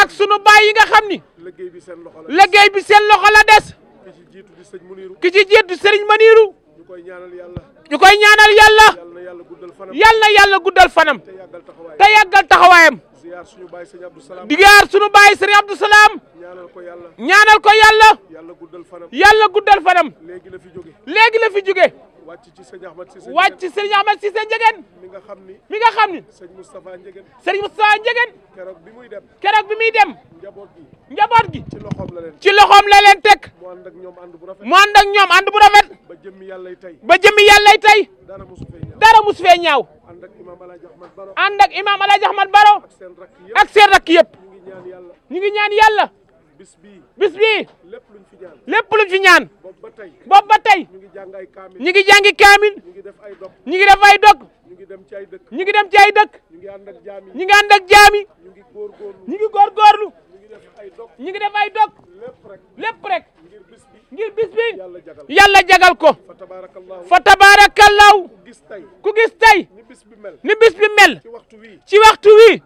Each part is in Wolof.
ak sunu baay yi nga xam ni liggéey bi seen loxo la liggéey bi seen loxo la des ki ci jiitu di sëñ Muniru ki ci jiitu sëriñ Maniru ñu koy ñaanal yàlla ñu koy ñaanal yàlla yàlla na yàlla guddal fanam yàlla guddal fanam te yàggal taxawaayam di yaar suñu baay sëñ Abdou Salaam di yaar suñu baay sëñ Abdou Salaam ñaanal ko yàlla ñaanal ko yàlla yàlla guddal fanam yàlla guddal fanam léegi la fi jóge léegi la fi jóge wàcc ci sëñ Ahmad Cissé wàcc ci sëñ Ahmad mi nga xam ni mi nga xam ni sëñ Moustapha Ndiéguène sëñ Moustapha Ndiéguène keroog bi muy dem keroog bi muy dem njaboot gi njaboot gi ci loxoom la leen ci loxoom la leen teg mu ànd ak ñoom ànd bu rafet mu ànd ak ñoom ànd bu rafet ba jëmmi yàllay tey ba jëmmi yàllay tey dara musu fee ñaaw dara musu fee ñaaw ànd ak imaam Alaaji Ahmad Baro ànd ak imaam Alaaji Ahmad Baro ak seen rakk yëpp ñu ngi ñaan yàlla bis bii lépp luñ fi ñaan lépp luñ fi ñaan boobu ba tey ñu ngi jàngi kaamil ñu ngi def ay dog ñu ngi def ay dog ñu ngi dem ci ay dëkk ñu ngi ànd ak jaami ñu ngi góorgóorlu ñu ngi def ay dog lépp rek ngir bis bi yàlla jagal ko fa tabaarakallaahu ku gis tey ni bis bi mel ci waxtu wii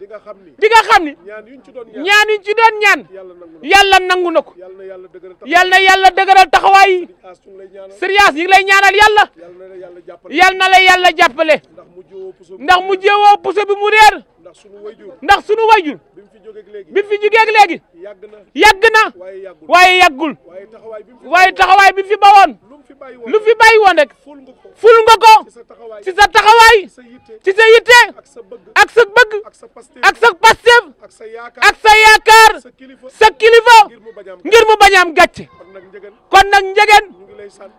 di nga xam ni ñaan yuñ ci doon ñaan yàlla nangu na ko yàlla na yàlla dëgëral taxawaay yi sëriyaas ñi ngi lay ñaanal yàlla yàlla na la yàlla jàppale ndax mu jéewoo puso bi mu réer ndax sunu wayjur bi mu fi jógeeg léegi léegi yàgg na waaye yàggul waaye taxawaay bi mu fi bawoon lu fi bàyyi woon rek ful nga ko ci sa taxawaay ci sa yitte ak sa bëgg ak sa pasteef ak sa yaakaar sa kilifa ngir mu bañ a am gàcce kon nag njëgeen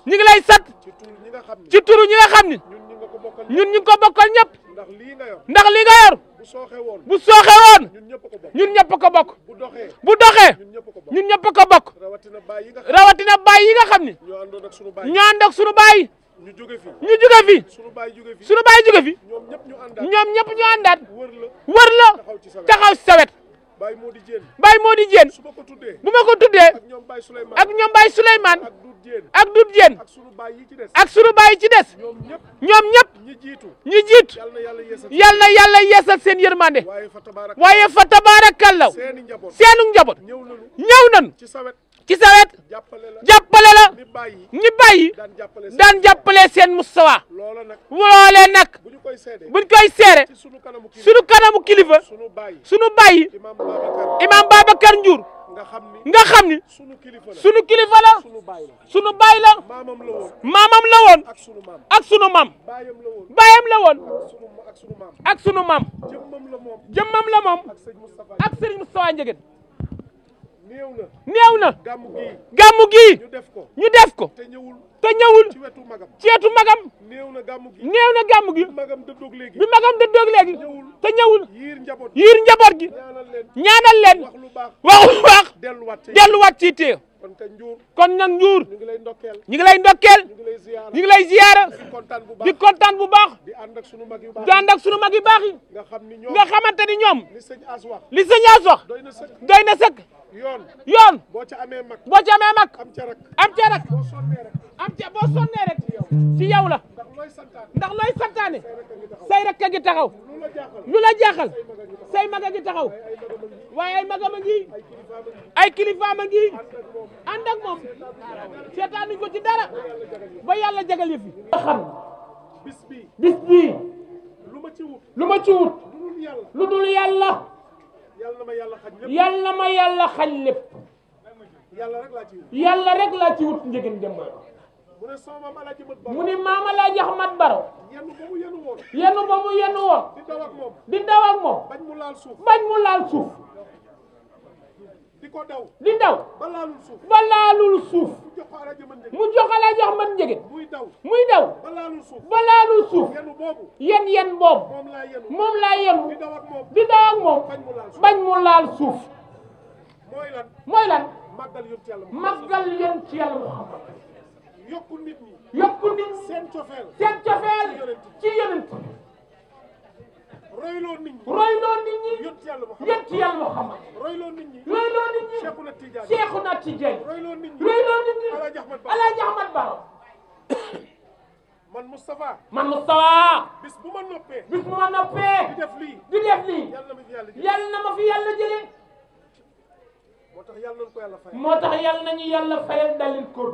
ñu ngi lay sant ci turu ñi nga xam ni ñun ñu ko bokkal ñëpp. ndax lii nga yor bu sooxe woon ñun ñëpp ko bokk bu doxee ñun ñëpp ko bokk rawatina baay yi nga xam ni ñoo ànd ak sunu baay ñu jóge fi ñu jóge fi sunu baay jóge fi ñoom ñëpp ñu àndaat wër la taxaw ci sa wet Baye Mody Diène bu ma ko tuddee ak ñoom Baye Souleymane ak dut jéen ak sunu baay yi ci des ak sunu baay yi ci des ñoom ñëpp ñi jiitu ñi jiitu yal na yàlla yeesal seen yërmande waaye fa tabaarakallaw seenu njaboot ñëw nañu ci sawet ci sa wet jàppale la ñi bàyyi daan jàppale seen Moustapha loolee bu buñ koy seere suñu kanamu kilifa suñu bàyyi imam Babacar Ndiour nga xam ni sunu kilifa la sunu baay la maamam la woon ak sunu maam baayam la woon ak sunu maam jëmmam la moom ak sëriñ Moustapha Ndiéguène néew na gàmmu gii ñu def ko te ñëwul ci wetu magam néew na gàmmu gi bi magam dëddoog léegi te ñëwul yiir njaboot gi ñaanal leen wax lu baax delluwaat ci téye kon kañ njuur kon nag njuur ñu ngi lay ndokkeel ñu ngi lay ndokkeel ñu ngi lay ziyaara di kontaan bu baax di ànd ak sunu mag yu baax di ànd ak sunu mag yu baax nga xam ni ñoom nga xamante ni ñoom li sëñ as wax li sëñ as wax doy na sëkk doy na sëkk yoon yoon boo ca amee mag boo ca amee mag am ca rak am ca rak am ca boo sonnee rek ci yow la ndax looy santaane say rakk a ngi taxaw lu la jaaxal say mag a ngi taxaw waaye ay magam a ngi ay kilifaam a ngi ànd ak moom seetaanuñ ko ci dara ba yàlla jagal yëf yi nga xam bi bis bii lu ma ci wut lu ma ci lu dul yàlla yàlla ma yàlla xañ lépp yàlla rek laa ci wut njëgën jëmmaa mu ne sama maam Mat Baro mu ne maam Alaaji Ahmat Baro yenn ba mu yenn woon di daw moom bañ mu laal suuf bañ mu laal suuf di ko daw di suuf suuf mu jox Alaaji Ahmat Njege muy muy daw ba suuf ba laalul suuf moom laa yenn di daw moom bañ mu laal suuf mooy lan mooy lan màggal yéen yokku nit ñi yokku nit ñi seen cofeel seen cofeel ci yonent royloo nit ñi royloo nit ñi yonent yàlla Muhammad yonent yàlla Muhammad royloo nit ñi royloo nit ñi Cheikhuna Tidiane Cheikhuna Tidiane royloo nit ñi royloo nit ñi Alaaji Ahmad Ba Alaaji Ahmad Ba man Moustapha man Moustapha bis bu ma noppee bis bu ma noppee di def lii di def lii yàlla na ma fi yàlla jëlee moo tax yàlla nañu ko yàlla fayal moo tax yàlla nañu yàlla fayal dalil kóor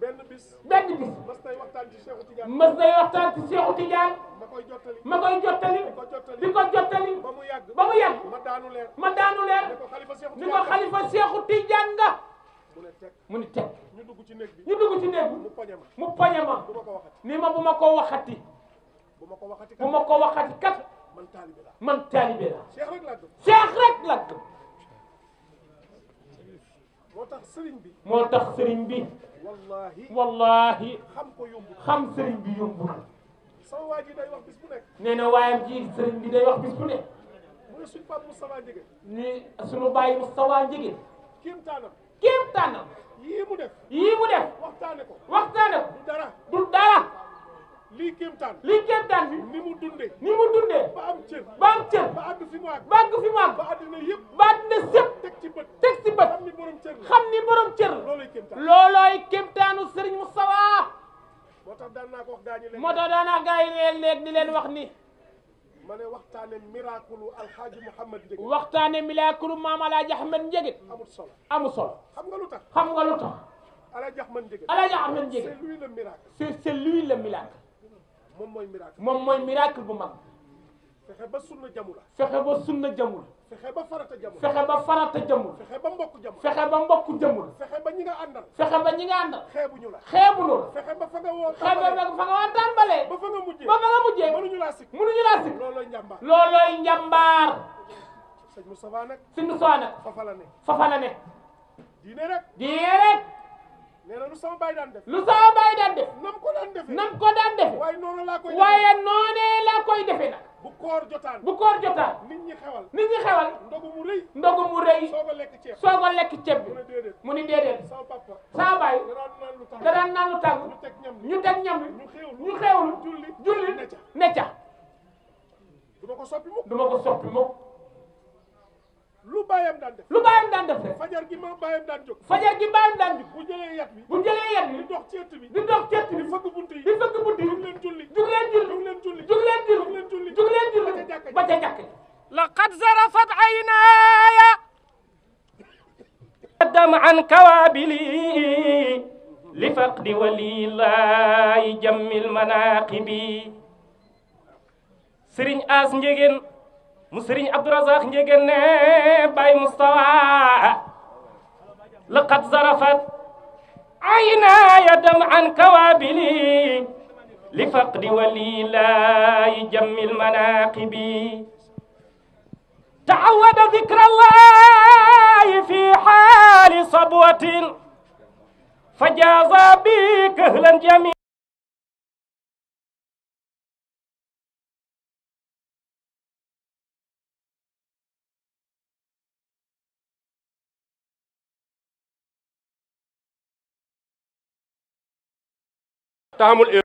benn bis benn bis mas nay waxtaan ci Cheikhou Tidiane mas nay waxtaan ci Cheikhou Tidiane ma koy jottali ma koy jottali di ko jottali ba mu yàgg ba mu yàgg ma daanu leer ma daanu leer ni ko xalifa Cheikhou Tidiane nga mu ni teg ñu dugg ci néeg bi ñu dugg ci néeg bi mu poñe ma mu poñe ma ma bu ma ko waxati bu ma ko waxati kat man taalibe la man taalibe la Cheikh rek la Cheikh rek la moo tax sëriñ bi moo tax sëriñ bi wallaahi wallaahi xam ko yomb xam sëriñ bi yombul sama waa ji day wax bis bu nekk nee na waayam ji sëriñ bi day wax bis bu nekk mu ne suñ Pape Moustapha Njëge ni suñu bàyyi Moustapha Njëge kéem tànnam kéem tànnam yii mu def yii mu def waxtaane ko waxtaane ko du dara du dara lii kéemtaan lii kéemtaan bi ni mu dundee ni mu dundee ba am cër ba am cër ba àgg fi mu àgg ba àgg fi mu àgg ba àddina yëpp ba àddina sëpp teg ci bët teg ci bët xam ni borom cër xam ni borom cër loolooy kéemtaan loolooy kéemtaanu Serigne Moustapha moo tax daan naa ko wax gaa ñi léegi moo tax daan naa gaa yi léeg-léeg di leen wax ni ma ne waxtaane miraakulu alxaaji Mouhamed Njëgët waxtaane miraakulu maam alaaji Ahmed Njëgët amul solo amul solo xam nga lu tax xam nga lu tax alaaji Ahmed Njëgët alaaji Ahmed Njëgët c'est lui le miracle c'est lui le miracle moom mooy miracle moom mooy miracle bu mag. fexe ba sunna jamula fexe ba sunna jamula fexe ba farata jamul fexe ba farata jamul fexe ba mbokk jamul fexe ba mbokk jamul fexe ba ñi nga àndal fexe ba ñi nga àndal xeebuñu la xeebuñu fexe ba fa nga woo xeebu ba fa nga woon tàmbalee ba fa nga mujjee ba fa nga mujjee mënuñu laa sikk mënuñu laa sikk loolooy njàmbaar loolooy njàmbaar sëñ Moussa nag sëñ Moussa diine rek diine rek nee na lu sama baay daan def. lu sama baay daan nam ko daan defee waaye noonee laa koy defee nag. bu koor jotaan bu koor jotaan. nit ñi xewal nit mu rëy soo ko lekk ceeb soo ko lekk ceeb bi. mu ni déedéet sama baay. da naan lu tàng ñu teg ñam ñu teg ñam julli julli ne ca. du ma ko soppi mukk lu baayam daan def lu baayam daan def rek fajar gi ma baayam daan jóg fajar gi baayam daan jóg bu jëlee yat bi bu jëlee yat bi di dox ceet bi di dox ceet bi di fëgg bunt yi di fëgg bunt yi jug leen julli jug leen julli jug leen julli jug leen julli jug leen julli ba ca jàkk laqad zarafat aynaaya qaddam an kawaabili li faqdi walilaay jammil manaaqibi sëriñ As Njëgeen مسرين عبد الرزاق نيغن باي مصطفى لقد زرفت عينا يدم عن كوابلي لفقد ولي لا يجم المناقب تعود ذكر الله في حال صبوة فجاز بك أهلا جميعا te amul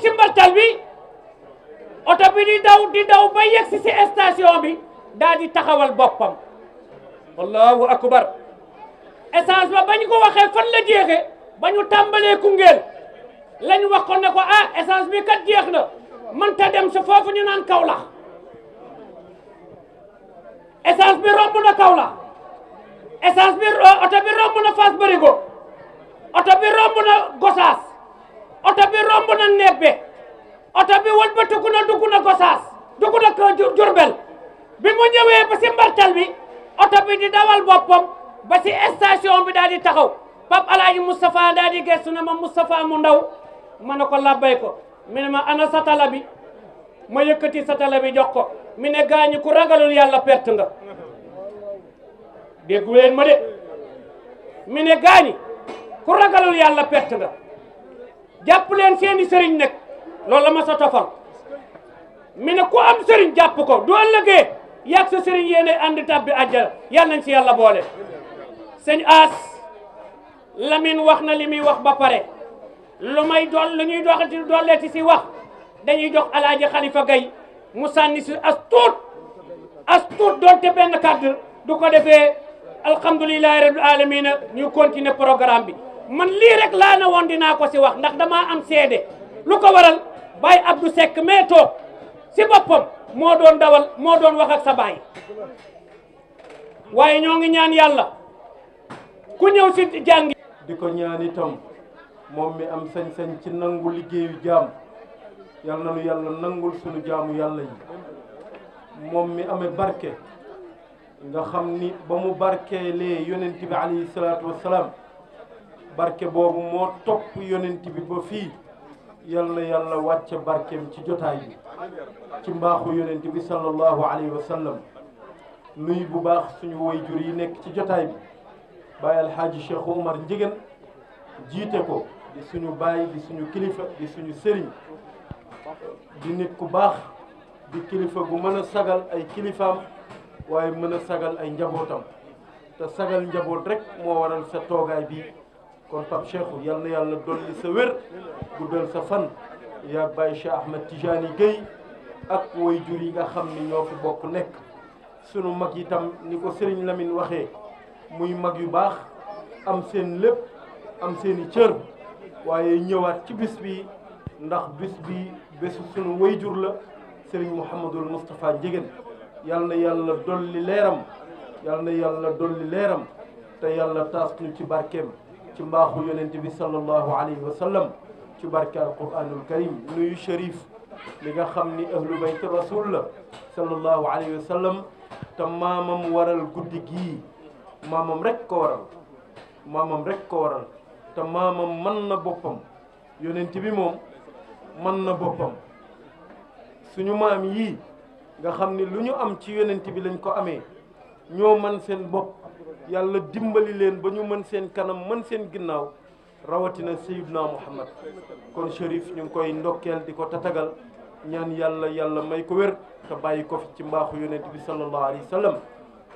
ci mbartal bi oto bi di daw ba yegsi ci station bi taxawal boppam allahu akbar essence ba bañ ko waxee fan la jeexee ba ñu tàmbalee Koungheul lañ wax ko ne ko ah essence bi kat jeex na mënta dem sa foofu ñu naan Kaolack essence bi romb na Kaolack essence bi oto bi romb na Fass Barigo oto bi romb na Gossas oto bi romb na nebbe oto bi wëlbatiku na dugg na Gosaas dugg na kër Jurbel bi mu ñëwee ba si bi oto bi di dawal boppam ba si station bi daal di taxaw Pape Alaaji Moustapha daal di gestu na ma Moustapha mu ndaw ma ne ko labbay ko mi ne ma ana satala bi ma yëkkati satala bi jox ko mi ne gaañu ku ragalul yàlla perte nga déggu leen ma de mi ne gaañi ku ragalul yàlla perte nga jàpp leen seeni sëriñ nag lool la ma sa tofal mi ne ku am sëriñ jàpp ko du ëllëgee yàgg sa sëriñ yéenay ànd tàbbi àjjana yàlla nañ ci yàlla boole sëñ As Lamine wax na li muy wax ba pare lu may dool lu ñuy doxati dolleeti ci wax dañuy jox alaaji Xalifa Gay mu sànni si as tuut as tuut benn kàddu du ko defee alhamdulilahi rabil alamina ñu continuer programme bi man li rek la na won dina ko si wax ndax dama am cede lu ko waral bay Abdou sek me si bopom mo don dawal mo don wax ak sa bay waye ñoo ngi ñaan yalla ku ñew ci di ñaan itam mom mi am señ señ ci nangu liggéeyu yu jam yalla nu yalla nangul sunu jamu yalla yi mom mi amé barké nga xamni ni ba mu barkeelee yonent bi alayhi barke boobu moo topp yonent bi ba fii yal na yàlla wàcce barkeem ci jotaay bi ci mbaaxu yonent bi sallallahu alayhi wa sallam nuy bu baax suñu waajur yi nekk ci jotaay bi Baay Alxaaji Cheikh Oumar Ndiéguène jiite ko di suñu baay di suñu kilifa di suñu sëriñ di nit ku baax di kilifa gu mën a sagal ay kilifaam waaye mën a sagal ay njabootam te sagal njaboot rek moo waral sa toogaay bi kon Pape Cheikhou yal na yàlla dolli sa wér guddal sa fan yaa bàyyi Cheikh Ahmed Tijani Gueye ak way jur yi nga xam ni ñoo fi bokk nekk sunu mag yi tam ni ko Serigne Lamine waxee muy mag yu baax am seen lépp am seeni cër waaye ñëwaat ci bis bi ndax bis bi bésu sunu way jur la Serigne Mouhamadul Moustapha Ndiéguène yal na yàlla dolli leeram yàlla na yàlla dolli leeram te yàlla taas ñu ci barkeem تمباخو يلنت صلى الله عليه وسلم تبارك القرآن الكريم نوي شريف لغا خمني أهل بيت الرسول صلى الله عليه وسلم تماما ورا القد جي ماما مرك ورا ماما مرك ورا تماما من بوبم يلنت بموم من بوبم سنو مام يي غا خمني لنو أم تي يلنت بلنكو أمي نيو yàlla dimbali leen ba ñu mën seen kanam mën seen ginnaaw rawatina Seydina Muhammad kon Chérif ñu ngi koy ndokkeel di ko tatagal ñaan yàlla yàlla may ko wér te bàyyi ko fi ci mbaaxu yonent bi sallallahu alayhi wa sallam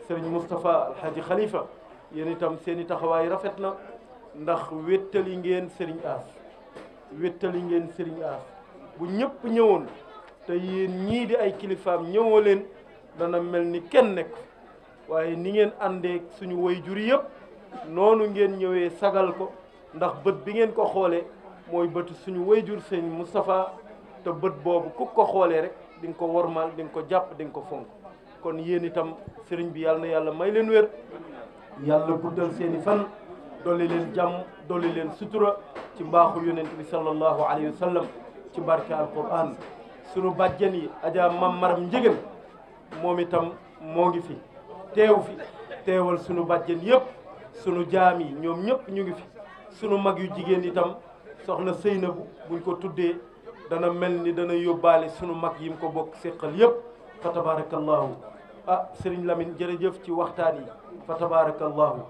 Serigne Moustapha Alhaji Khalifa yéen itam seen i taxawaay rafet na ndax wéttali ngeen Serigne As wéttali ngeen Serigne As bu ñëpp ñëwoon te yéen ñii di ay kilifaam ñëwoo leen dana mel ni kenn nekk waye ni ngeen ande suñu wayjur yeb nonu ngeen ñëwee sagal ko ndax bëtt bi ngeen ko xolé moy bëtt suñu wayjur jur mustafa te bëtt bobu ku ko xolé rek di nga ko wormal di nga ko japp di nga ko fonk kon yeen itam sëriñ bi yalla na yàlla may leen wër yalla guddal seen fan doli leen jam doli leen sutura ci mbaxu yonent bi sallallahu alayhi wasallam ci barke alquran suñu bàjjen yi aja Mam Maram Njëgën moom itam ngi fi teew fi teewal sunu bàjjen yëpp sunu jaam yi ñoom ñëpp ñu ngi fi sunu mag yu jigéen itam soxna Seynabu buñ ko tuddee dana mel ni dana yóbbaale sunu mag yim ko bokk séqal yëpp fa tabarakallahu a ah, sëriñ lamin jërëjëf ci waxtaan yi fa tabarakallahu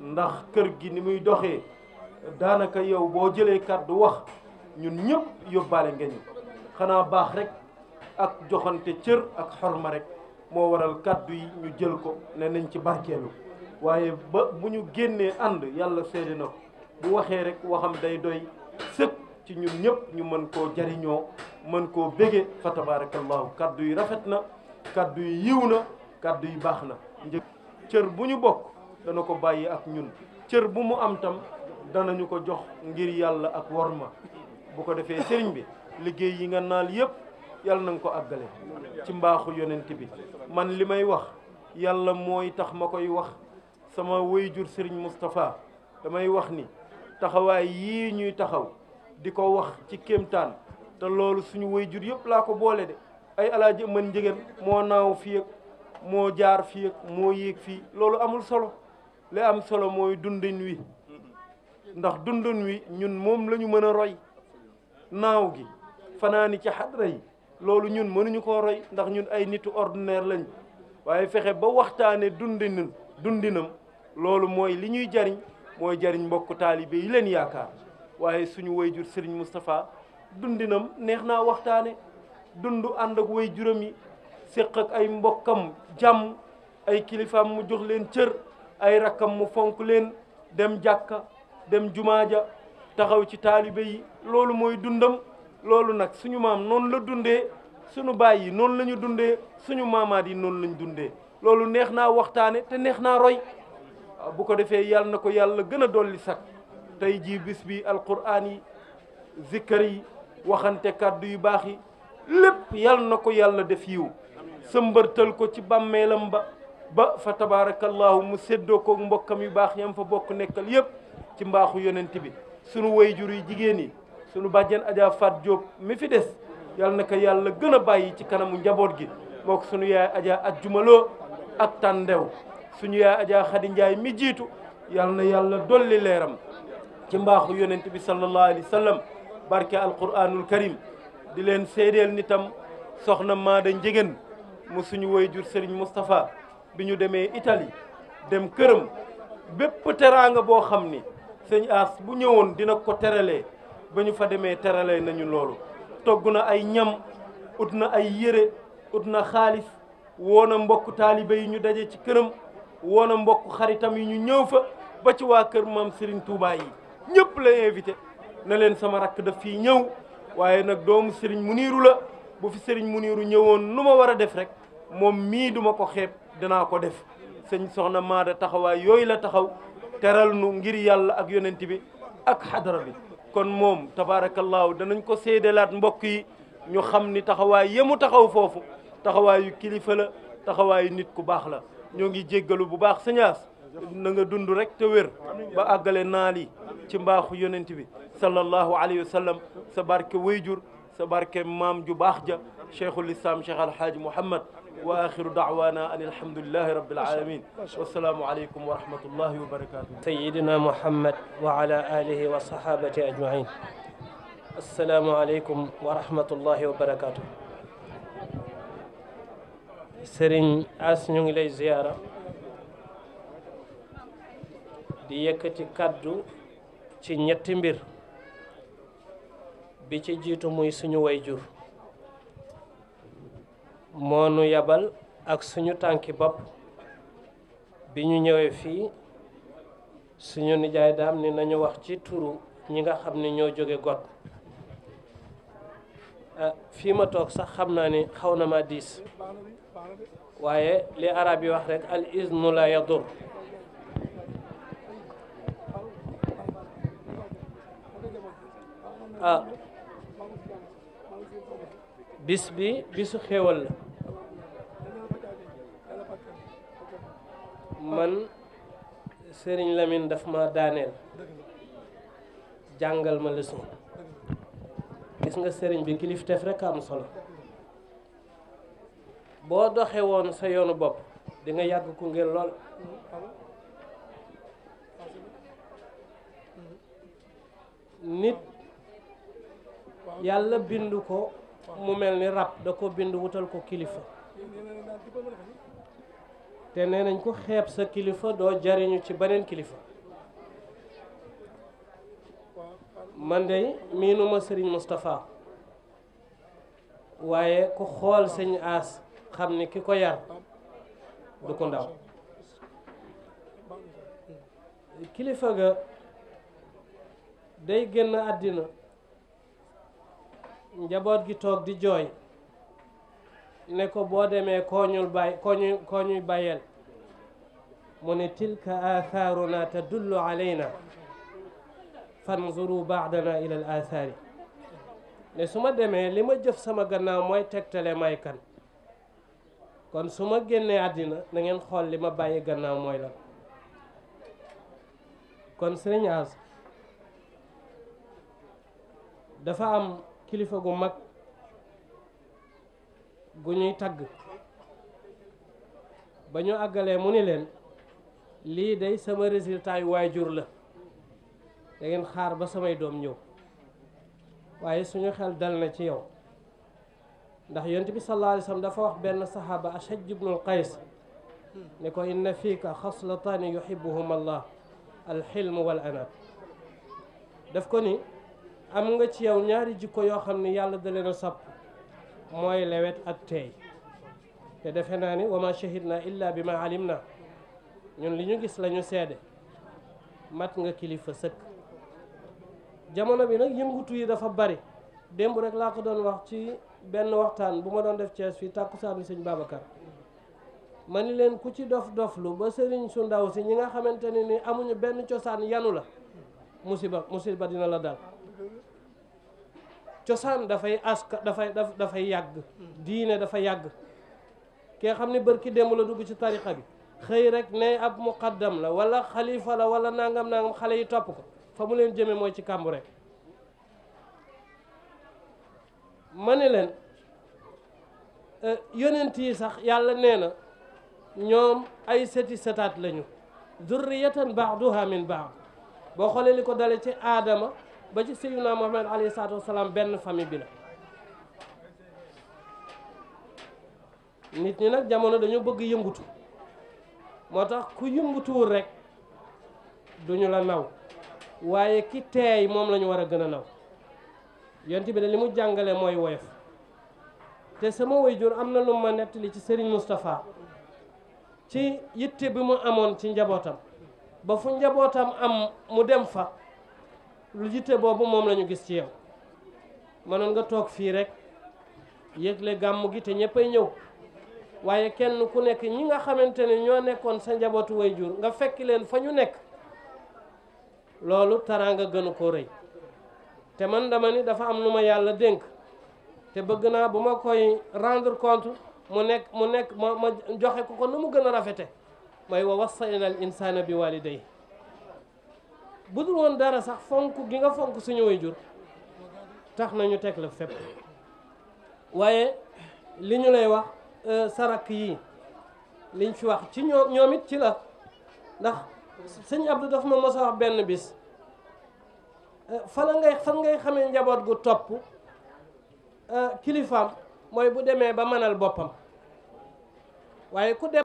ndax kër gi ni muy doxee daanaka yow boo jëlee kàddu wax ñun ñëpp yóbbaale ngeen xanaa baax rek ak joxante cër ak xorma rek moo waral kàddu yi ñu jël ko ne nañ ci barkeelu waaye ba bu ñu génnee ànd yàlla seede na bu waxee rek waxam day doy sëkk ci ñun ñëpp ñu mën koo jariñoo mën koo bége fa tabarakallahu kàddu yi rafet na kàddu yi yiw na kàddu yi baax na njëg cër bu ñu bokk dana ko bàyyi ak ñun cër bu mu am tam danañu ko jox ngir yàlla ak worma bu ko defee sëriñ bi liggéey yi nga naal yëpp yàlla na nga ko àggale ci mbaaxu yonent bi man li may wax yàlla mooy tax ma koy wax sama wéyjur sëriñ Moustapha damay wax ni taxawaay yii ñuy taxaw di ko wax ci kéemtaan te loolu suñu waajur yëpp laa ko boole de ay alaaji mën njëgeen moo naaw fi ak moo jaar fi ak moo yéeg fii loolu amul solo li am solo mooy dundin wi ndax dundin wi ñun moom lañu mën a roy naaw gi fanaani ci xadra yi loolu ñun mënuñu ko roy ndax ñun ay nitu ordinaire lañ waaye fexe ba waxtaane dundin dundinam loolu mooy li ñuy jariñ mooy jariñ mbokk taalibe yi leen yaakaar waaye suñu wayjur Serigne Moustapha dundinam neex naa waxtaane dund ànd ak wayjuram yi séq ak ay mbokkam jàmm ay kilifaam mu jox leen cër ay rakkam mu fonk leen dem jàkka dem jumaaja taxaw ci taalibe yi loolu mooy dundam loolu nag suñu maam noonu la dundee suñu baay yi noonu la dundee suñu maamaat yi noonu la dundee loolu neex naa waxtaane te neex naa roy ah, bu ko defee yàlla na ko yàlla gën a dolli sax tey jii bis bi alquraan yi zikkar yi waxante kàddu yu baax yi lépp yàlla na ko yàlla def yiw sëmbërtal ko ci bàmmeelam ba ba fa tabaarakallaahu mu séddoo ko mbokkam yu baax yam fa bokk nekkal yépp ci mbaaxu yonent bi sunu wayjur yi jigéen yi sunu bàjjen Adja Fat Diop mi fi des yàlla na ko yàlla gën a bàyyi ci kanamu njaboot gi moo ko sunu yaay Adja Adjumaloo ak Tandew suñu yaay Adja Khady Ndiaye mi jiitu yàlla na yàlla dolli leeram ci mbaaxu yonent bi sallallahu alayhi wa sallam barke alquranul karim di leen seedeel nitam soxna Maada Njegen mu suñu woyjur sëriñ Moustapha bi ñu demee itali dem këram bépp teraanga boo xam ni sëñ As bu ñëwoon dina ko teralee ba ñu fa demee terale nañu loolu togg na ay ñam ut na ay yére ut na xaalis woo na mbokk taalibe yi ñu daje ci këram woo na mbokk xaritam yi ñu ñëw fa ba ci waa kër maam sëriñ Touba yi ñëpp la invité na leen sama rakk daf fii ñëw waaye nag doomu mu niiru la bu fi mu niiru ñëwoon nu ma war a def rek moom mii duma ko xeeb danaa ko def sëñ soxna Maada taxawaay yooyu la taxaw teral nu ngir yàlla ak yonent bi ak xadara bi kon moom tabaarakallaahu danañ ko sédélat mbokk yi ñu xam ni taxaway yemu taxaw foofu taxawaayu kilifa la taxaway nit ku bax la ñu ngi jéggalu bu bax señas na nga dund rek te wér ba agalé nali yi ci mbaaxu yonent bi sallallahu alayhi wasallam sa barke wayjur sa barke mam ju bax ja cheikhul islam cheikh alhaaji mouhammad واخر دعوانا ان الحمد لله رب العالمين والسلام عليكم ورحمه الله وبركاته سيدنا محمد وعلى اله وصحابته اجمعين السلام عليكم ورحمه الله وبركاته sëriñ as ñu ngi lay ziyaara di yëkkati kàddu ci ñetti mbir bi ci jiitu muy suñu way moo nu yabal ak suñu tànki bopp bi ñu ñëwee fii suñu nijaay daam ni nañu wax ci turu ñi nga xam ni ñoo jóge got ah, fii ma toog sax xam naa ni xaw na ma diis waaye li arab yi wax rek al iznu la yadur ah bis bi bisu xéewal la man sëriñ lamin daf ma daaneel jàngal ma leçon gis nga sëriñ bi kilifteef rekk am solo boo doxee woon sa yoonu bopp dinga yàgg ku ngeen lool nit yàlla bindu ko mu mel ni rab da ko bind wutal ko kilifa te nee nañ ko xeeb sa kilifa doo jariñu ci beneen kilifa man de miinuma sëriñ Moustapha waaye ku xool sëñ aas xam ni ki ko yar du ko ndaw kilifa ga day génn àddina njaboot gi toog di jooy ne ko boo demee kooñul bay kooñu kooñuy bàyyeel mu ne tilka aathaaruna tadullu alayna fanzuru baadana ila al aathaari ne su ma demee li ma jëf sama gannaaw mooy tegtale may kan kon su ma génnee àddina na ngeen xool li ma bàyyi gannaaw mooy lan kon sëriñ dafa am kilifa gu mag gu ñuy tag ba ñu àggalee mu ni leen lii day sama résultat yu waajur la da ngeen xaar ba samay doom ñëw waye suñu xel dal na ci yow ndax yoonte bi sallallahu alayhi wasallam dafa wax benn sahaba ashaj ibnul qais ne ko inna fika khaslatan yuhibbuhuma allah alxilm wal anab daf ko ni am nga ci yow ñaari jikko yo xamni yalla yàlla da leen lewet ak tey te defena ni wama shahidna illa bima alimna. ñun liñu gis lañu sédé mat nga kilifa sekk jamono bi nak yëngutu yi dafa bari dembu rek la ko doon wax ci benn waxtaan bu doon def ci fi seigne babakar mani len ku ci dof doflu ba sëriñ sundaw ndaw si ñi nga xamanteni ni amuñu benn ciosan yanu la musiba musiba dina la dal cosaan dafay aska dafay daf dafay yàgg mm. diine dafa yàgg ki nga xam ne bërki démb la dugg ci tariqa bi xëy rek ne ab muqaddam la wala xalifa la wala nangam nangam xale yi topp ko fa mu leen jëme mooy ci kàmbu rek ma ne leen e, yonent yi sax yàlla nee na ñoom ay seti setaat lañu. durriyatan baaduha min baad boo xoolee li ko dale ci aadama ba ci Seydina Muhammad alayhi salaatu wasalaam benn famille bi la nit ñi nag jamono dañu bëgg yëngutu moo tax ku yëngutuwul rek duñu la naw waaye ki teey moom lañu war a gën a naw yonent bi de li mu jàngale mooy woyof te sama waajur am na lu ma nettali ci Serigne Moustapha ci yitte bi mu amoon ci njabootam ba fu njabootam am mu dem fa lu yitte boobu moom lañu gis ci yow mënoon nga toog fii rek yëgle gàmmu gi te ñëppay ñëw waaye kenn ku nekk ñi nga xamante ne ñoo nekkoon sa njabootu way jur nga fekk leen fa ñu nekk loolu taraanga gënu ko rëy te man dama ni dafa am lu ma yàlla dénk te bëgg naa bu ma koy rendre compte mu nekk mu nekk ma ma joxe ko ko nu mu gën a rafete wax sa wasaynal insaana bi walidayhi bu dul woon dara sax fonk gi nga fonk suñu way tax nañu teg la fépp waaye li ñu lay wax euh, sarak yi liñ fi wax ci ñoo ñoom it ci la ndax sëñ Abdou daf ma mos benn bis euh, fala ngay fan ngay xamee njaboot gu topp euh, kilifaam mooy bu demee ba mënal boppam waaye ku dem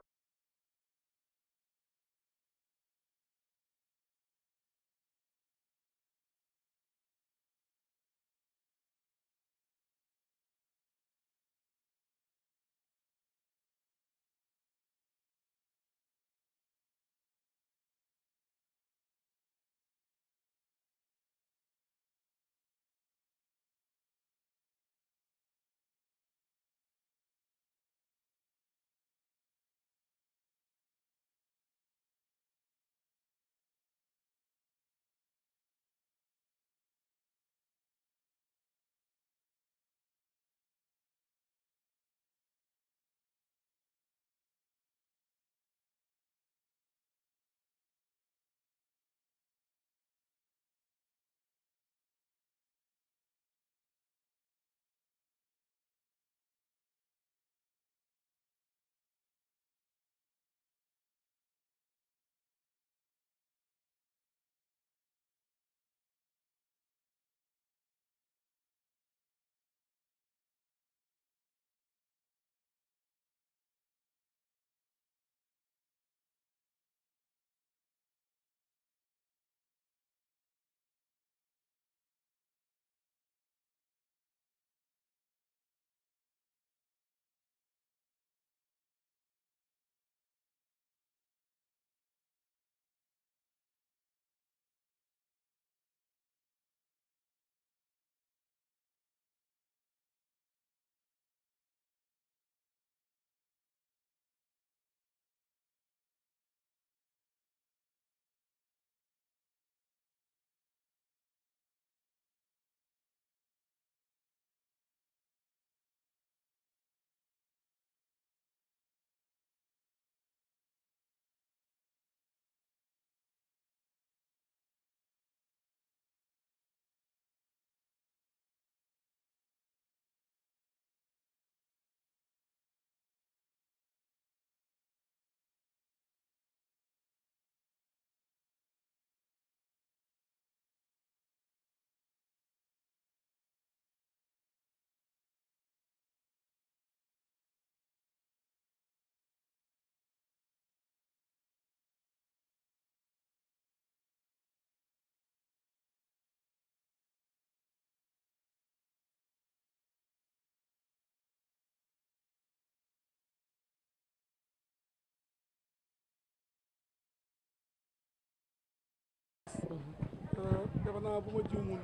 yaakaar naa bu ma juumul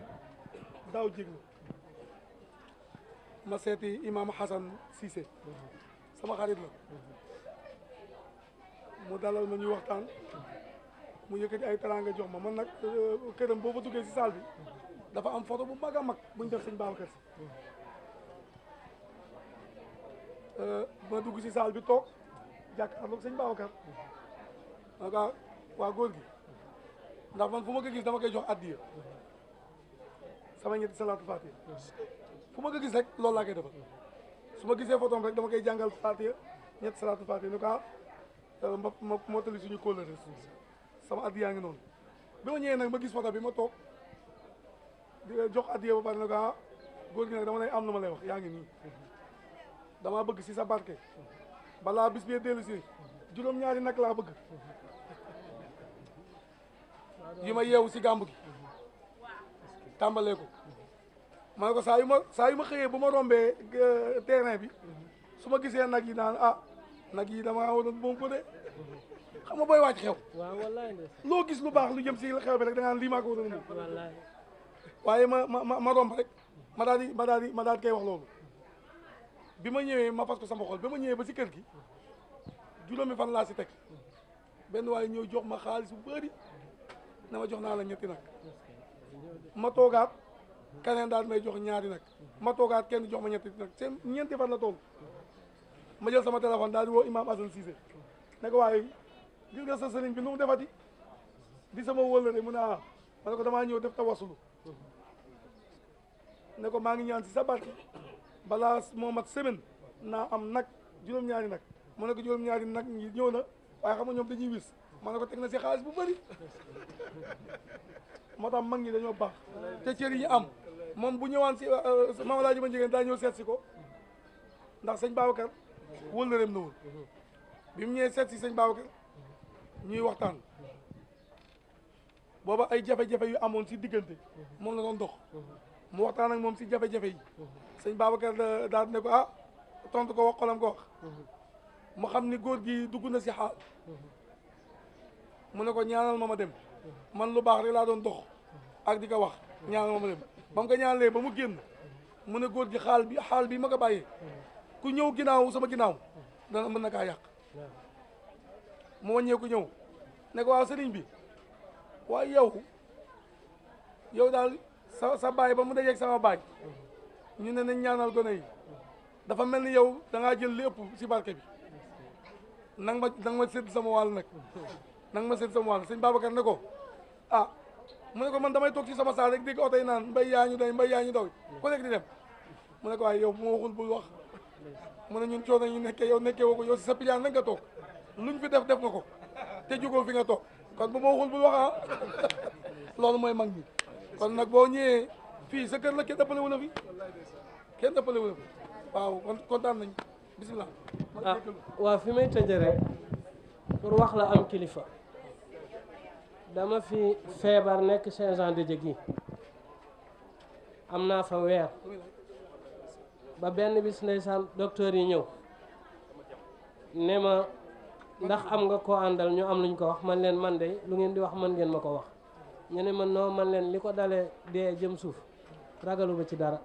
daaw jég la ma seeti imaam Hassan Cissé sama xarit la mu dalal ma ñuy waxtaan mu yëkkati ay teraanga jox ma man nag euh, këram boo fa duggee si salle bi dafa am photo bu mag a mag bu ñu def sëñ Babacar Si euh, ma dugg si salle bi toog jàkkaarloog sëñ Babacar en tout cas waa gi ndax man fu ma ko gis dama koy jox adiya sama ñet salatu fatih fu ma ko gis rek loolu la koy defal suma gisee photo rek dama koy jàngal faatiha ñet salatu faatiha ni ko mba ma mottali suñu kóllëre sama addiya ngi noonu bi ma ñëwee nag ma gis photo bi ma toog eh, jox adiya ba pare ne ko ah, góor gi nag dama lay am na ma lay wax yaa ngi nii damaa bëgg si sa barke balaa bis bee dellu si juróom-ñaari nag laa bëgg yi ma yeewu si gàmb gi tàmbalee ko ma ne ko saa yu ma saa yu ma xëyee bu ma rombee euh, terrain bi su ma gisee nag yi naan ah nag yi damaa waroon moom ko de xam nga booy wàcc xew loo gis lu baax lu jëm si xew bi rek da ngaan lii maa ko waroon moom waaye ma ma ma romb rek ma daal di ma daal di ma daal di koy wax loolu bi ma ñëwee ma fas ko sama xol bi ma ñëwee ba si kër gi juróomi fan laa si teg benn waaye ñëw jox ma xaalis bu bëri ne ma jox naa la ñetti nag ma toogaat keneen daal may jox ñaari nag ma toogaat kenn jox ma ñetti nag ñeenti fan la toog ma sama téléphone daal di woo Imaam Assane Cissé waaye gis nga sa sëriñ bi nu mu defati di sama wëllëre mu ne ah ma ne damaa ñëw def tawasulu ne ko maa ngi ñaan si sa balaa moo mat semaine naa am nag juróom-ñaari nag mu ne ko ñaari nag ñi ñëw na waaye xam nga ñoom dañuy wis ma ko teg na si xaalis bu bëri moo tax mag ñi dañoo baax te cër yi ñu am moom bu ñëwaan si euh, maam laa ji ma njigéen daa ñëw seet si ko ndax sëñ Babacar wël na rem na woon bi mu ñëwee seet si sëñ Babacar ñuy waxtaan booba ay jafe-jafe yu amoon si diggante moom la doon dox mu waxtaan moom si jafe-jafe yi sëñ Babacar euh, daal ne ko ah tontu ko wax xolam ko wax mu xam ni góor gi dugg na si xaal mu ne ko ñaanal ma ma dem man lu baax rek laa doon dox ak di ko wax ñaanal ma ma dem ba mu ko ñaanalee ba mu génn mu ne góor gi xaal bi xaal bi ma ko bàyyee ku ñëw ginnaaw sama ginnaaw dana mën na kaa yàq mu wàññee ku ñëw ne ko waaw sëriñ bi waaye yow yow daal sa sa baay ba mu dajeeg sama baay ñu ne nañ ñaanal gone yi dafa mel ni yow dangaa ngaa jël lépp si barke bi nang ma nang ma sédd sama wàll nag nanga ma seen sama wàll sëñ Babacar ne ko ah mu ne ko man damay toog ci sama saal rek dégg oto naan mbay yaa ñu doy mbay yaa ñu doy ku nekk di dem mu ne ko waaye yow bu ma waxul bul wax mu ne ñun coono ñu nekkee yow nekkee woo ko yow si sa pijaan nag nga toog luñ fi def def ko te jugoo fi nga toog kon bu ma waxul bul wax ah loolu mooy mag ñi kon nag boo ñëwee fii sa kër la kenn dëppale wu la fi kenn dëppale fi waaw kon kontaan nañ bisimilah. ah waa fi may tëjee rek pour wax la am kilifa. dama fi febar nek Saint-Jean de Diegui amna fa wer ba ben bis ndaysan docteur yi ñew ne ndax am nga ko andal ñu am luñ ko wax man len man de lu ngeen di wax man ngeen mako ko wax ñu ne man no man len liko dalé dé jëm suuf ragalu ba ci dara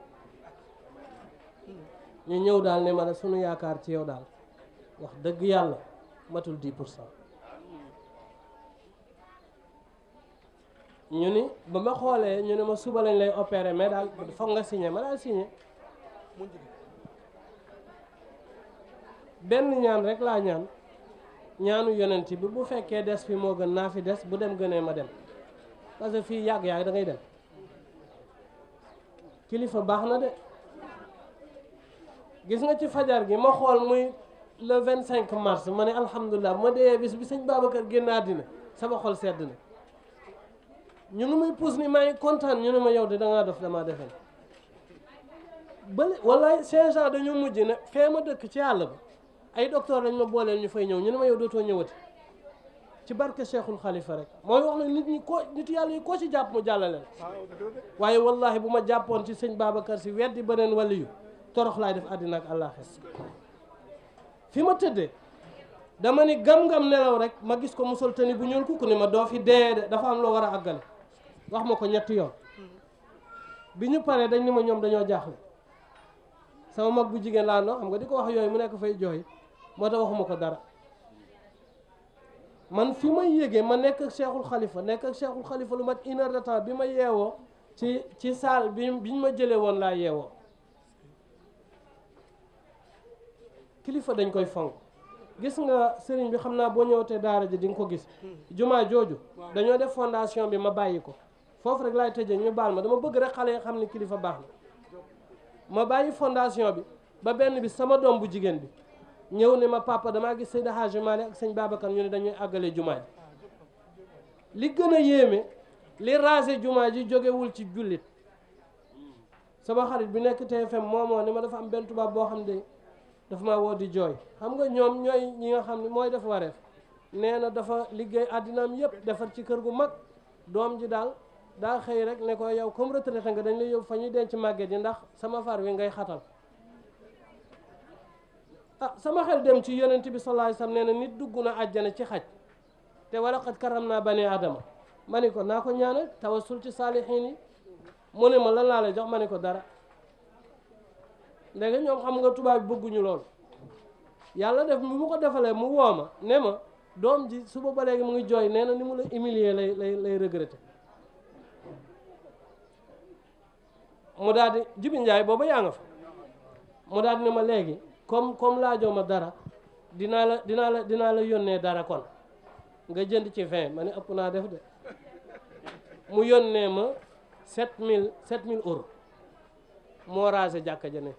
ñu ñew dal nema la sunu yaakar ci yow dal wax deug yalla matul 10 ñu ni ba ma xoolee ñu ne ma suba lañ lay opéré mais daal foog nga signé ma daal signé benn ñaan rek laa ñaan ñaanu yonent bi bu fekkee des fi moo gën naa fi des bu dem gënee ma dem parce que fii yàgg-yàgg da ngay dem kilifa baax na de gis nga ci fajar gi ma xool muy le vingt cinq mars ma ne alhamdulilah ma dee bis bi sëñ Babacar génn àddina sama xol sedd na ñun ngi may puus ni maa ngi kontaan ñu ne ma yow de da ngaa def damaa defe bale wala Saint-Jean dañu mujj ne fee ma dëkk ci àll bi ay docteur lañ ma booleel ñu fay ñëw ñu ne ma yow dootoo ñëwati ci barke seexul xalifa rek mooy wax ne nit ñi ko nit yàlla yi koo ci jàpp mu jàllaleel waaye wallahi bu ma jàppoon ci sëñ Babacar si weddi beneen yu torox laay def àddina ak àllaaxes fi ma tëddee dama ni gam-gam nelaw rek ma gis ko musal tani bu ñuul kukku ni ma doo fi dee de loo war a àggale wax ma ko ñetti yoon bi ñu paree dañ ni ma ñoom dañoo jaaxle sama mag bu jigéen laa noo xam nga di ko wax yooyu mu nekk fay jooy moo tax ma ko dara man fi may yégee ma nekk ak cheikhul xalifa nekk ak xalifa lu mat une heure de temps bi ma yeewoo ci ci saal bi biñ ma jëlee woon laa yeewoo kilifa dañ koy fonk gis nga sëriñ bi xam naa boo ñëwatee daara ji di nga ko gis hmm. jumaa jooju dañoo def fondation bi ma bàyyi ko foofu rek laay tëjee ñu baal ma dama bëgg rek xale yi xam ne kilifa baax na ma bàyyi fondation bi ba benn bi sama doom bu jigéen bi ñëw ne ma papa damaa gis Seydi Hadji ak sëñ baabakan ñu ne dañuy àggale jumaa ji li gën a yéeme li raase jumaa ji jógewul ci jullit sama xarit bi nekk TFM moomoo ne ma dafa am benn tubaab boo xam ne dafa maa woo di jooy xam nga ñoom ñooy ñi nga xam ne mooy def wareef nee na dafa liggéey àddinaam yépp defar ci kër gu mag doom ji daal daa xëy rek ne koo yow comme retraité nga dañ lay yow fa ñuy denc màgget yi ndax sama far wi ngay xatal ah sama xel dem ci yonent bi sallallahu alayhi wasallam nee na nit dugg na àjjana ci xaj te walaqad karamna bani aadama ma ni ko naa ko ñaanal tawassul ci saalihiin yi mu ne ma lan laa lay jox ma ne ko dara léegi ñoom xam nga tubaab bi bëgguñu lool yàlla def mu mu ko defalee mu woo ma ne ma doom ji su ba léegi mu ngi jooy nee na ni mu la umilier lay lay lay regretter mu daal di jibi njaay booba yaa fa mu daal di ne ma léegi comme comme laajoo ma dara dinaa la dinaa la dinaa la yónnee dara kon nga jënd ci vingt ma ne ëpp naa def de mu yónnee ma sept mille sept mille euros moo raase jàkka ja ne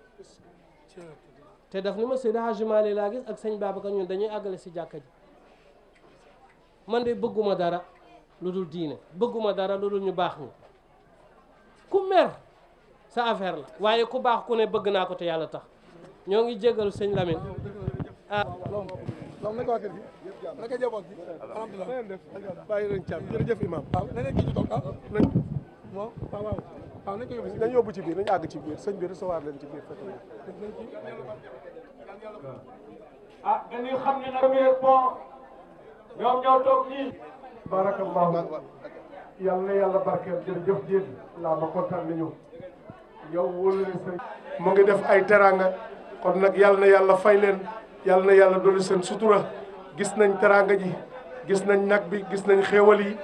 te daf ni ma Seydi Hadji Malick laa gis ak sëñ Babacar ñun dañuy àggale si jàkka ji man de bëgguma dara lu dul diine bëgguma dara lu dul ñu baax ñi ku mer sa affaire la waaye ku baax ku ne bëgg naa ko te yàlla tax ñoo ngi jégalu sëñ Lamine ah loom naka waa kër gi naka njaboot gi alhamdulilah na ngeen def bàyyi leen yóbbu ci biir nañ àgg ci biir sëñ bi recevoir leen ci biir fekk ah dañuy xam ne nag bon ñoom ñoo toog nii barakallahu yàlla yàlla barkeel jërëjëf jéen laa ma kontaan nañu yow wóolu mu ngi def ay teraanga kon nag yàlla na yàlla fay leen yàlla na yàlla dolli seen sutura gis nañ teraanga ji gis nañ nag bi gis nañ xéewal yi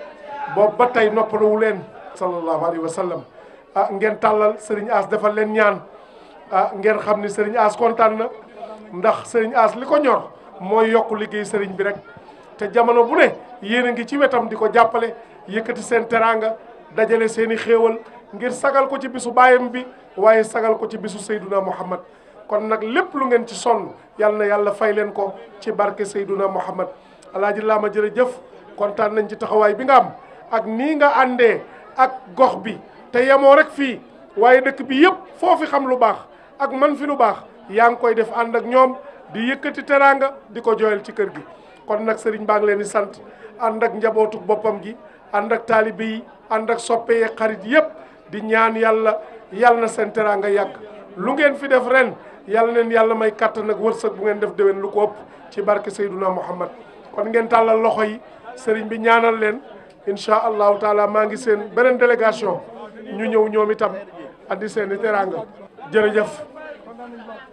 boobu tey noppaluwu leen sallallahu alayhi wa sallam ah ngeen tàllal sëriñ As defal leen ñaan ah ngeen xam ni sëriñ As kontaan na ndax sëriñ As li ko ñor mooy yokk liggéey sëriñ bi rek te jamono bu ne yéen a ngi ci wetam di ko jàppale yëkkati seen teraanga dajale seeni i ngir sagal ko ci bisu bayam bi waye sagal ko ci bisu sayduna muhammad kon nak lepp lu ngeen ci son yal yalla fay len ko ci barke sayyiduna muhammad alaaji jere jef kontan nañ ci taxaway bi nga am ak ni nga àndee ak gox bi te yamo rek fi waye dekk bi yep fofu xam lu bax ak man fi lu bax yang koy def and ak ñom di yëkkati teranga diko ko ci kër gi kon nak sëriñ baa ngi leen di sant ak njabotuk bopam gi and ak talibi and ak soppe xarit yep di ñaan yàlla yàlla na seen teraanga yàgg lu ngeen fi def ren yàlla neen yàlla may kàttan ak wërsëg bu ngeen def déwén lu ko ëpp ci barke Seydouna Muhammad kon ngeen tàllal loxo yi sëriñ bi ñaanal leen incha allahu taala maa ngi seen beneen délégation ñu ñëw ñoom itam andi di seeni teraanga jërëjëf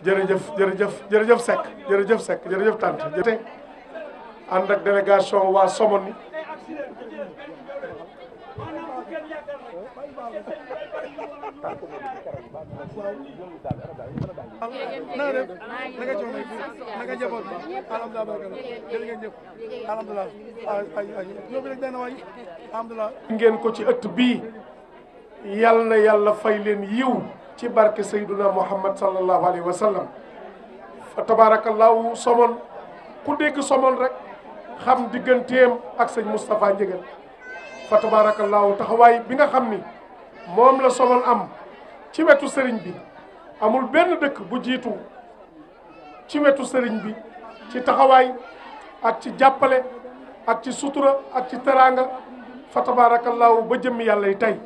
jërëjëf jërëjëf jërëjëf Seck jërëjëf tànt jërëjëf tante jërëjëf waa Somone na nga def na nga coono na nga ngeen ko ci ëtt bii yal na yàlla fay leen yiw ci barke sayduna muhammad sallallahu alayhi wa sallam fa tabarakallahu somon ku dégg somon rek xam digganteem ak sëñ Moustapha Ndiéguène fa tabarakallahu taxawaay bi nga xam ni moom la sobal am ci wetu sëriñ bi amul benn dëkk bu jiitu ci wetu sëriñ bi ci taxawaay ak ci jàppale ak ci sutura ak ci teraanga fa tabaarakallaahu ba jëmm yàlla yi tey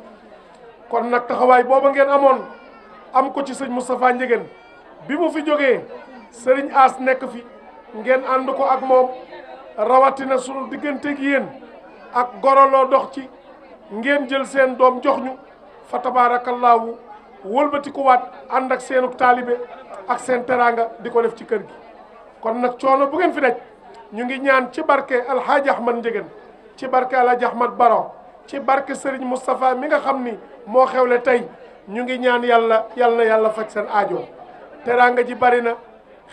kon nag taxawaay booba ngeen amoon am ko ci sëñ Moustapha Ndiéguène bi mu fi jógee sëriñ As nekk fi ngeen ànd ko ak moom rawatina sunu diggante gi yéen ak goroloo dox ci ngeen jël seen doom jox ñu fa tabaarakallaahu wëlbatikuwaat ànd ak seenu taalibe ak seen teraanga di ko def ci kër gi kon nag coono bu ngeen fi daj ñu ngi ñaan ci barke alhaaji ahmad njegen ci barke alhaaji ahmad baro ci barke sëriñ moustapha mi nga xam ni moo xewle tey ñu ngi ñaan yàlla yàlla na yàlla faj seen aajo teraanga ji bari na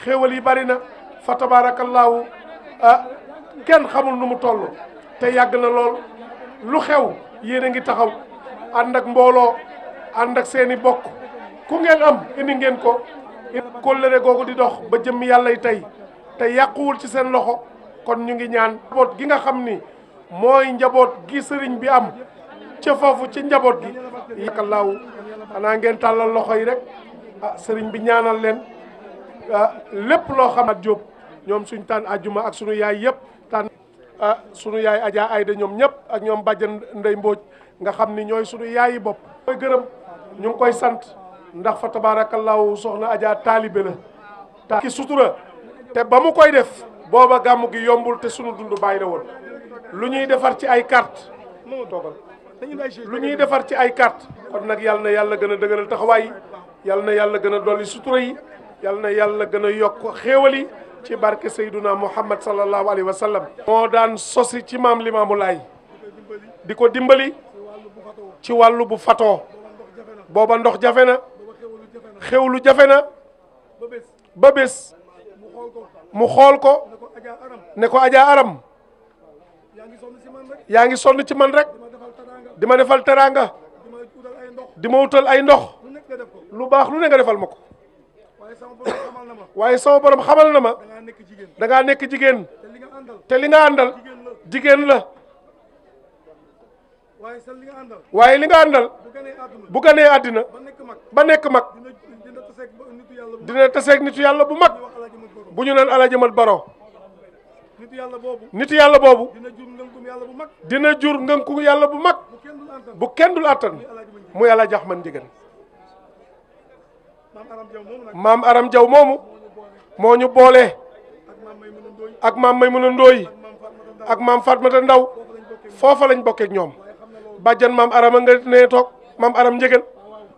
xéwal yi bari na fa tabaarakallaahu ah, kenn xamul nu mu toll te yàgg na lool lu xew yéen a ngi taxaw Andak mbolo andak seni bok Kung ku ngeen am indi ngeen ko lere gogo di dox ba jëm yalla tay tey te yàquwul ci sen loxo kon ñu ngi ñaan bot gi nga xamni moy njabot gi sëriñ bi am ci fofu ci njabot gi yakalaaw ana ngeen talal loxo yi rek ah bi ñaanal len ah, lepp lo xamat job ñom suñ tànn ak sunu yaay yëpp tan suñu ah, sunu yaay aja ayde ñom ñep ak ñom badjan Ndey Mbooj nga xam ni ñooy suñu yaayi bopp koy gërëm ñu ngi koy sant ndax fa tabaarakallaahu soxna Adja taalibe la ta ki sutura te ba mu koy def booba gàmm gi yombul te sunu dund bàyyi la woon lu ñuy defar ci ay carte toogal lu ñuy defar ci ay carte kon nag yal na yàlla gën a dëgëral taxawaay yi yal na yàlla gën a dolli sutura yi yàlla na yàlla gën a yokk xéewal yi ci barke Seyduna Muhammad sallallahu alayhi wa sallam moo daan sosi ci maam Limaamu Laay di ko dimbali ci wàllu bu fatoo booba ndox jafe na xewlu jafe na ba bés mu xool ko ne ko Adja Aram yaa ngi sonn ci man rek di ma defal teraanga di ma wutal ay ndox lu baax lu ne nga defal ma ko waaye sama borom xamal na ma da ngaa nekk jigéen te li nga àndal jigéen la. waaye li nga àndal bu ganee àddina ba nekk mag dina taseeg nitu yàlla bu mag bu ñu naan Alaaji Mat Baro nitu yàlla boobu dina jur ngënku yàlla bu mag bu kenn dul àttan muy Alaaji Axmat Njigéen maam Aram Jaw moomu moo ñu boole ak maam Maymuna Ndooy ak maam Fatmata Ndaw foofa lañu bokkeek ñoom bàjjan maam arama nga ne toog maam aram njëgën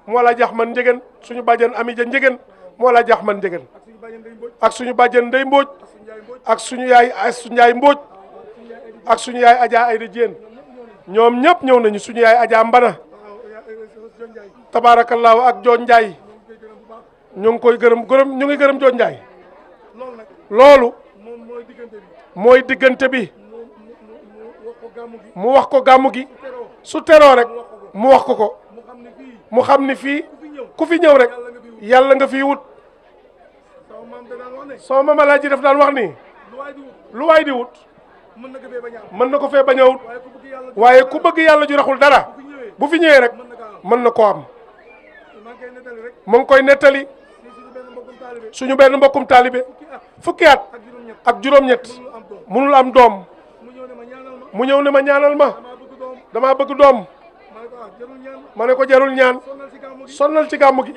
moo la jax man njëgën suñu bàjjan amija njëgën moo la jax man njëgën ak suñu bàjjan ndey mbooj ak suñu yaay asu njaay suñu yaay ajaa ayda jéen ñoom ñëpp ñëw nañu suñu yaay ajaa mbana tabaarakallaahu ak joon njaay ñu ngi koy gërëm gërëm ñu ngi gërëm joon njaay loolu mooy diggante bi mu wax ko gàmmu gi su teroo rek mu wax ko ko mu xam ni fii ku fi ñëw rek yàlla nga fii wut soo mama laaj def daf daan wax ni lu waay di wut mën na ko fee bañ a wut waaye ku bëgg yàlla ju raxul dara bu fi ñëwee rek mën na koo am mu ngi koy nettali suñu benn mbokkum taalibe fukki at ak juróom-ñett mënul am doom mu ñëw ne ma ñaanal ma damaa bëgg doom ma ne ko jarul ñaan sonnal ci gàmmu gi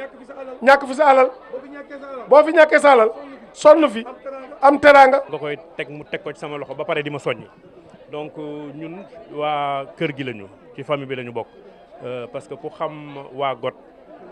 ñàkk fu sa alal boo fi ñàkkee sa alal sonn fi am teraanga. nga koy teg mu teg ko ci sama loxo ba pare di ma soññi donc ñun waa kër gi lañu ci famille bi lañu bokk euh, parce que ku xam waa got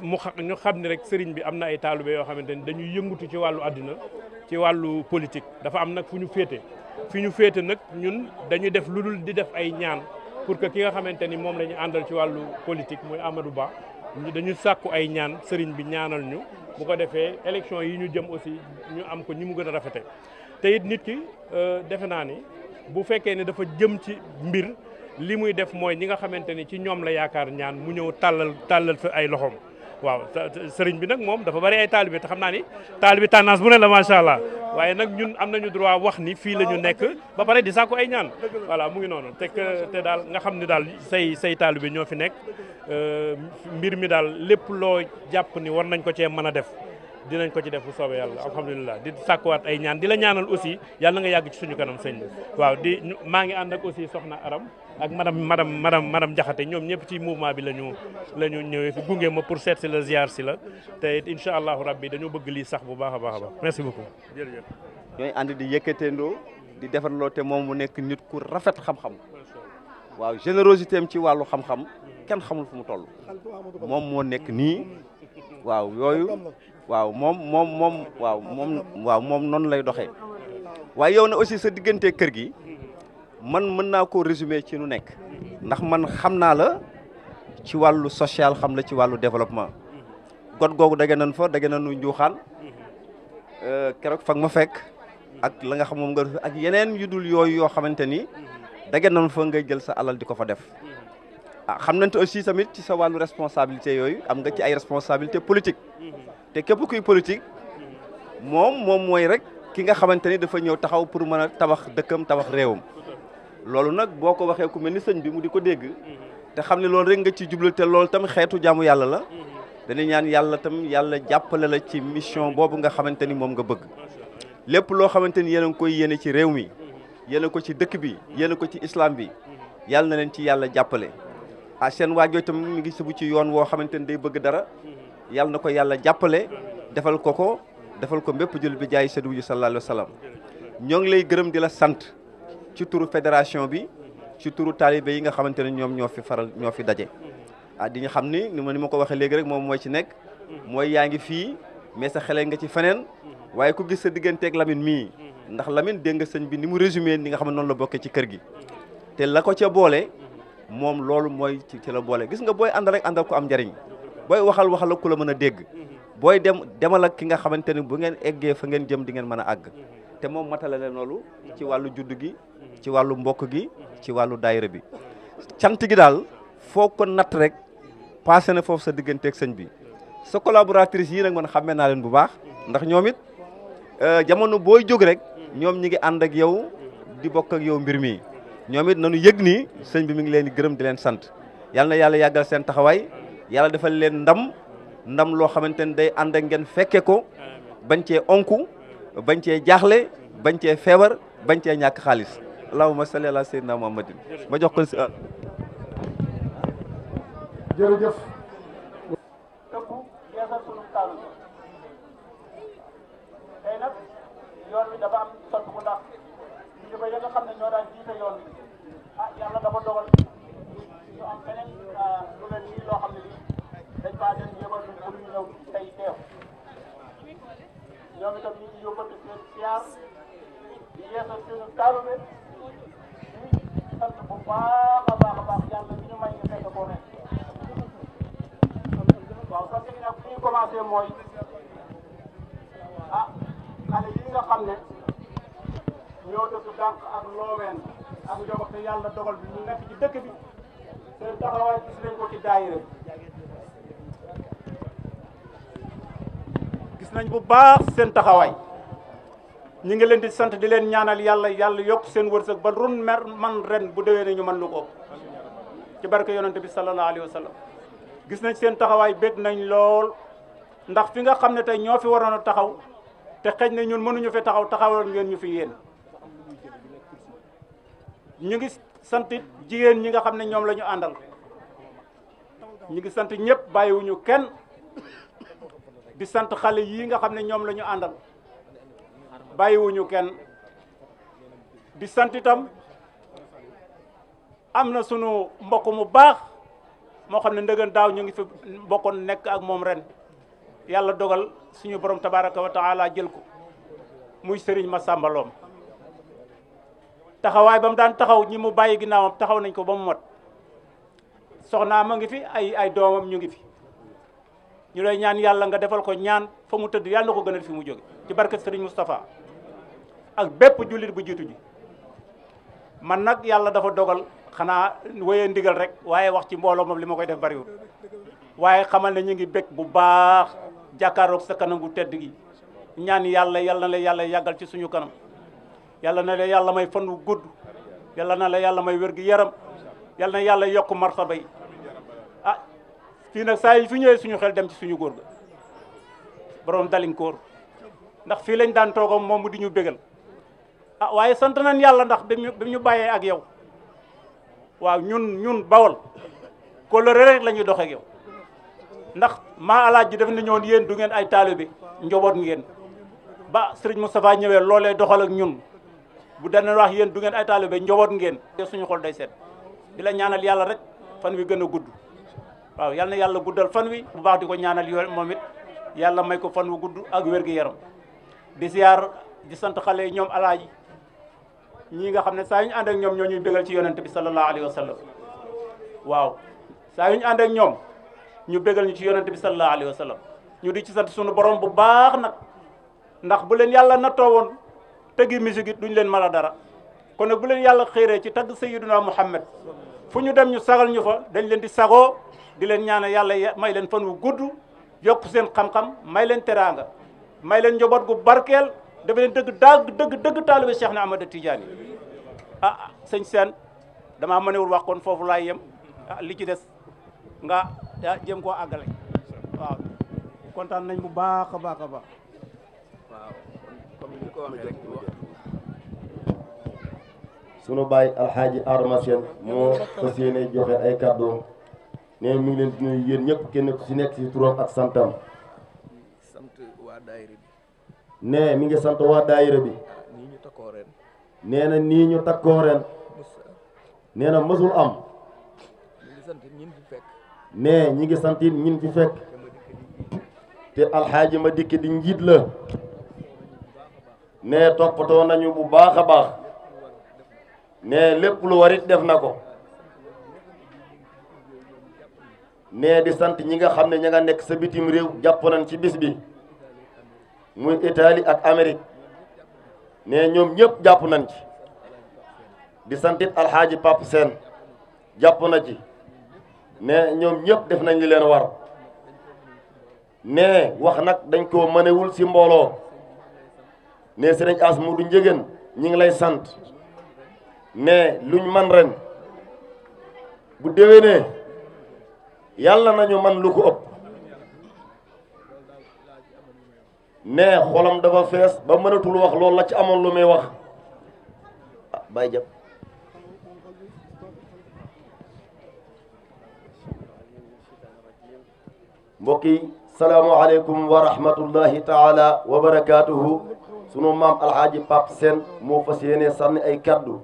mu xam ñu xam ni rek sëriñ bi am na ay taalibe yoo xamante ni dañuy yëngatu ci wàllu àddina ci wàllu politique dafa am nag fu ñu féete fi ñu féete nag ñun dañuy def lu dul di def ay ñaan pour que ki nga xamante ni moom la ñu ci wàllu politique muy Amadou Ba dañu sàkku ay ñaan sëriñ bi ñaanal ñu bu ko defee élection yi ñu jëm aussi ñu am ko ñi mu gën a rafete te it nit ki euh, defe naa ni bu fekkee ne dafa jëm ci mbir li muy def mooy ñi nga xamante ni ci ñoom la yaakaar ñaan mu ñëw tàllal tàllal fa ay loxoom waaw sëriñ bi nag moom dafa bari ay taalibe te xam naa ni taalibe tendance bu ne la macha allah waaye nag ñun am nañu droit wax ni fii la ñu nekk ba pare di sàkku ay ñaan voilà mu ngi noonu te te daal nga xam ni daal say say taalibe ñoo fi nekk euh, mbir mi daal lépp loo jàpp ni war nañ ko cee mën a def dinañ ko ci def bu soobee yàlla alhamdulilah di sàkkuwaat ay di la ñaanal aussi yàlla nga yàgg ci suñu kanam sëñ bi maa ngi ànd aussi soxna Aram ak madame madame madame madame Diakhaté ñoom ñëpp ci mouvement bi la ñu la ñu ñëwee fi gunge ma pour seet si la ziar si la te it incha allahu rabbi dañoo bëgg lii sax bu baax a baax a baax merci beaucoup jërëjëf. ñooy ànd di yëkkateendoo di defarloo te moom mu nekk nit ku rafet xam-xam waaw générosité am ci wàllu xam-xam kenn xamul fu mu toll moom moo nekk nii waaw yooyu waaw moom moom moom waaw moom waaw moom noonu lay doxee waaye yow na aussi sa diggante kër gi. man mën naa koo résumer ci nu nekk ndax man xam naa la ci wàllu social xam la ci wàllu développement got googu dage nan fa dage nanu njuuxaan euh, keroog fag ma fekk ak la nga xam moom nga ak yeneen yu dul yooyu yoo xamante ni dage nan fa ngay jël sa alal di ko fa def ah xam nañ te aussi tamit ci sa wàllu responsabilité yooyu am nga ci ay responsabilité politique te képp kuy politique moom moom mooy rek ki nga xamante ni dafa ñëw taxaw pour mën a tabax dëkkam tabax réewam loolu nag boo ko waxee ku mel ni sëñ bi mu di ko dégg mm-hmm. te xam ne loolu rek nga ci jublu te loolu tam xeetu jaamu yàlla la mm-hmm. dañuy ñaan yàlla tam yàlla jàppale la ci mission boobu nga xamante ni moom nga bëgg lépp loo xamante ni yéen a ngi koy yéene ci réew mi mm-hmm. yéene ko ci dëkk bi yéene ko ci islaam bi yàlla na leen ci yàlla jàppale ah seen waajoo tam mi ngi subu ci yoon woo xamante ni day bëgg dara yàlla na ko yàlla jàppale defal ko ko defal ko mbépp jël bi jaay sadu ji sallallahu alayhi wa ñoo ngi lay gërëm di la sant ci turu fédération bi ci turu taalibe yi nga xamante ne ñoom ñoo fi faral ñoo fi daje ah di nga xam ni ni ma ni ma ko waxee léegi rek moom mooy ci nekk mooy yaa ngi fii mais sa xelee nga ci feneen waaye ku gis sa digganteeg Lamine mii ndax Lamine dégg nga sëñ bi ni mu résumé ni nga xam ne noonu la bokkee ci kër gi te la ko ca boole moom loolu mooy ci ci la boole gis nga booy àndal rek àndal ko am njariñ booy waxal waxal ku la mën a dégg booy dem demal ak ki nga xamante ne bu ngeen eggee fa ngeen jëm di ngeen mën a àgg te moom matale loolu ci wàllu judd gi ci wàllu mbokk gi ci wàllu daayira bi cant gi daal foo ko natt rek passé ne foofu sa digganteek sëñ bi sa collaboratrice yi nag man xame naa leen bu baax ndax ñoom it euh, jamono booy jóg rek ñoom ñi ngi ànd ak yow di bokk ak yow mbir mi ñoom it nanu yëg nii sëñ bi mi ngi leen di gërëm di leen sant yàlla na yàlla yàggal seen taxawaay yàlla defal leen ndam ndam loo xamante ni day ànd ak ngeen fekke ko bañ cee onku bañ cee jaaxle bañ cee feebar bañ cee ñàkk xaalis allahumma salli ala sayyidina muhammadin ma jox ko si euh, àll. jërëjëf. dëgg yeesal sunu taalu tey nag yoon wi dafa am soppi bu ndax ñu ba ya nga xam ne ñoo daan jiite yoon wi ah yàlla dafa dogal ñu am beneen euh, lu mel nii loo xam ne lii dañ faa dem yëbal ñu pour ñu ñëw tey teew ñoom itam ñu ngi yóbbante seen siyaar di yeesal sunu taalu sant bu baax a baax baax yàlla bi ñu may ñu fekk ko waaw parce que nag fu ñu commencé mooy ah xale yi nga xam ne ñoo dëkk dànk ak looween ak njaboot te yàlla dogal bi ñu nekk ci dëkk bi seen taxawaay gis nañ ko ci gis nañ bu baax seen taxawaay ñi ngi leen di sant di leen ñaanal yàlla yàlla yokk seen wërsëg ba run mer man ren bu déwénee ñu man lu ko ci barke yonante bi sallallahu alayhi wasallam gis nañ seen taxawaay bég nañ lool ndax fi nga xam ne tey ñoo fi waroon a taxaw te xëj na ñun mënuñu fi taxaw taxawal ngeen ñu fi yéen ñu ngi sant jigéen ñi nga xam ne ñoom la ñu ngi sant ñëpp bàyyiwuñu kenn di sant xale yi nga xam ne ñoom la bàyyiwuñu kenn di sant itam amna suñu sunu mbokk mu baax mo xamne ne daw ñu ngi fi mbokkoon nek ak mom ren yalla dogal suñu borom tabaraka wa taala jël ko muy sëriñ Massamba Lom taxaway bam daan taxaw ñi mu bayyi ginaaw taxaw nañ ko bam mot soxna ma ngi fi ay ay doomam ñu ngi fi ñu lay ñaan yalla nga defal ko ñaan fa mu tedd yalla ko gënal fi mu joge ci barke serigne ak bépp julit bu jitu ji man nak yalla dafa dogal xana waye ndigal rek waye wax ci mbolo mom li def bari wu waye xamal na ñi ngi bég bu baax jakarok sa kanam gu tedd gi ñaan yalla yalla na la yàlla yàggal ci suñu kanam yalla na la yalla may fan gudd yalla na la yalla may wér gi yaram yalla na yalla yok martaba ah fi nak say fi suñu xel dem ci suñu góor ga borom dalin koor ndax fi lañ daan togo mom di ñu ah waaye sant nañ yàlla ndax bi ñu bàyyee ak yow waaw ñun ñun bawol kóllëre rek la ñuy dox ak yow ndax ma alaaj ji def na ñoon yéen du ngeen ay taalibe njaboot ngeen ba sëriñ Moustapha ñëwee loole doxal ak ñun bu dana wax yéen du ngeen ay taalibe njaboot ngeen suñu xol day set di la ñaanal yàlla rek fan wi gën a gudd waaw yal yàlla guddal fan wi bu baax di ko ñaanal yo moom it yàlla may ko fan wu gudd ak wér-gi-yaram di siyaar di sant xale yi ñoom alaaji ñii nga xam ne saa yu ñu ànd ñoom ñoo ñuy bégal ci yonent bi sallallahu alayhi wa sallam waaw saa yu ànd ak ñoom ñu bégal ñu ci yonent bi sallallahu alayhi wa sallam ñu di ci sant sunu borom bu baax nag ndax bu leen yàlla nattoo woon tëggi musique it duñ leen mala dara kon nag bu leen yàlla xiiree ci tagg sayyiduna Muhammad fu ñu dem ñu sagal ñu fa dañ leen di sagoo di leen ñaanal yàlla may leen fan wu gudd yokk seen xam-xam may leen teraanga may leen njaboot dafa leen dëgg dagg dëgg dëgg taalibe Cheikh na Ahmada Tidiane ah, ah sëñ seen damaa mënewul wax kon foofu laay yem ah, li ci des nga ah, jëm koo àggale kontaan nañ bu baax a baax a baax waaw comme ni ko waxee sunu baay alxaaji Adama Sène moo fas yéene joxe ay kàddoom ne mi ngi leen di nuyu yéen kenn ku si nekk ci turam ak santam sant waa ne mi ngi sant waa daayira bi nee na nii ñu takkoo ren nee na mësul am ne ñi ngi sant it ñin fi fekk te alxaaji ma dikk di njiit la ne toppatoo nañu bu baax a baax ne lépp lu warit def na ko nee di sant ñi nga xam ne ña nga nekk sa bitim réew jàpp nañ ci bis bi muy itali ak Amérique ne ñoom ñëpp jàpp nañ ci di santit alxaaji papp Sène jàpp na ci ne ñoom ñëpp def nañ li leen war ne wax nag dañ koo mënewul si mbooloo ne sëriñ as mu du njëgeen ñi ngi lay sant ne luñ man ren bu déwénee yàlla nañu man lu ko ëpp mais xolam dafa fees ba mënatul wax loolu la ci amoon lu muy wax bàyyi jàpp mbokk yi salaamaaleykum wa rahmatullahi taala wa barakaatuhu sunu maam alxaaji Pape Sène moo fas yéene sànni ay kaddu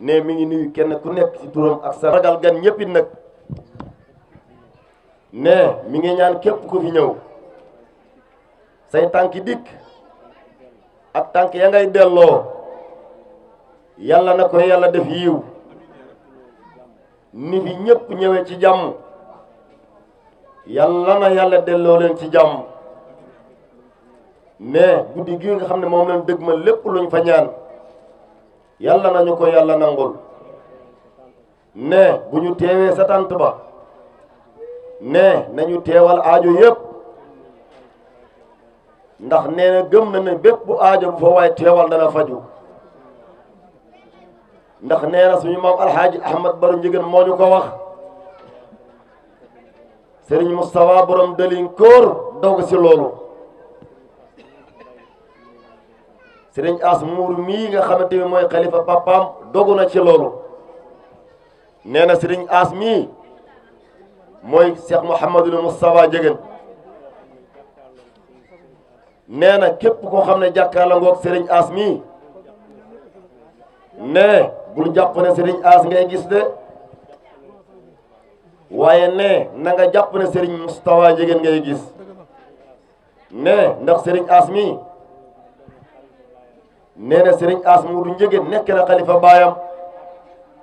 ne mi ngi nuyu kenn ku nekk ci turam ak sa ragal gan ñëppit nag ne mi ngi ñaan képp ku fi ñëw say tànki dikk ak tànk ya ngay delloo yàlla na ko yàlla def yiw ni fi ñépp ñëwee ci jàmm yàlla na yàlla delloo leen ci jàmm mais guddi gi nga xam ne moom leen ma lépp luñ fa ñaan yàlla nañu ko yàlla nangul ne bu ñu teewee sa tànt ba ne nañu teewal aajo yépp ndax nee na gëm na ne bépp bu aajo bu fa waaye teewal dana faju ndax nee na suñu maam alxaaji ahmad baru njigéen moo ñu ko wax sëriñ Moustapha borom dëlin kóor dog si loolu sëriñ as muur mii nga xamante ni mooy xalifa papaam dogu na ci loolu nee na sëriñ as mii mooy Cheikh Mouhamadul Moustapha Njigéen nee na képp koo xam ne jàkkaarloo ngoog sëriñ As mii ne bul jàpp ne sëriñ As ngay gis de waaye ne na nga jàpp ne sëriñ Moustapha Ndiéguène ngay gis ne ndax sëriñ As mii nee na sëriñ As Moodu Ndiéguène nekk na xalifa baayam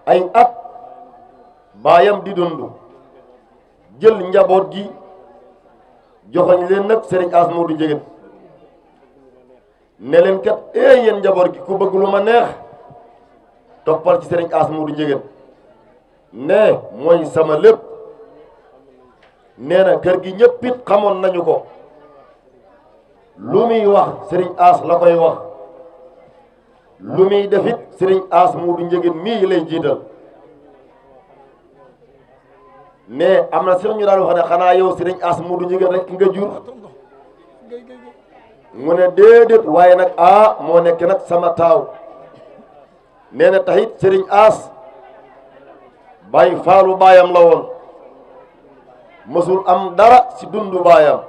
ay at baayam di dund jël njaboot gi joxoñ leen nag sëriñ As Moodu Ndiéguène ne leen kat eh yéen njaboot gi ku bëgg lu ma neex toppal ci sëriñ As Moodu Njëgeen ne mooy sama lépp nee na kër gi ñëpp it xamoon nañu ko lu muy wax sëriñ aas la koy wax lu muy def it sëriñ As Moodu Njëgeen mii lay jiital mais am na sax ñu daan wax ne xanaa yow sëriñ As Moodu Njëgeen rek nga jur. mu ne déedéet waaye nag a moo nekk nag sama taaw nee na taxit sëriñ aas bàyyi faalu baayam la woon mësul am dara si dund baayam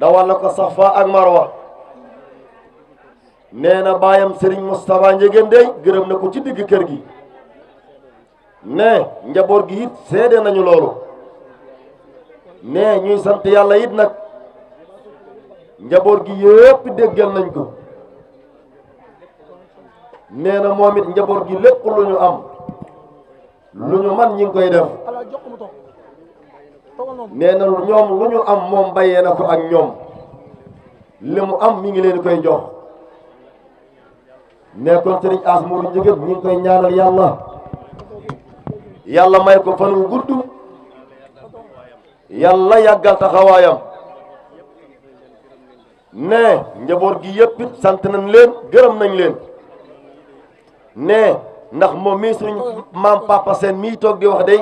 dawal na ko safa ak marwa nee na baayam sëriñ Moustapha Ndiéguène dey gërëm na ko ci digg kër gi ne njaboot gi it seede nañu loolu ne ñuy sant yàlla it nag njaboot gi yëpp déggal nañ ko nee na moom it njaboot gi lépp lu ñu am lu ñu man ñi ngi koy def nee na ñoom lu ñu am moom bàyyee na ko ak ñoom li mu am mi ngi leen koy jox ne kon sëriñ Asmuru Njëgëb ñi ngi koy ñaanal yàlla yàlla may ko fan wu gudd yàlla yàggal taxawaayam ne njaboot gi yëpp sant nañ leen gërëm nañ leen ne ndax moom mii suñ maam papa seen mii toog di wax day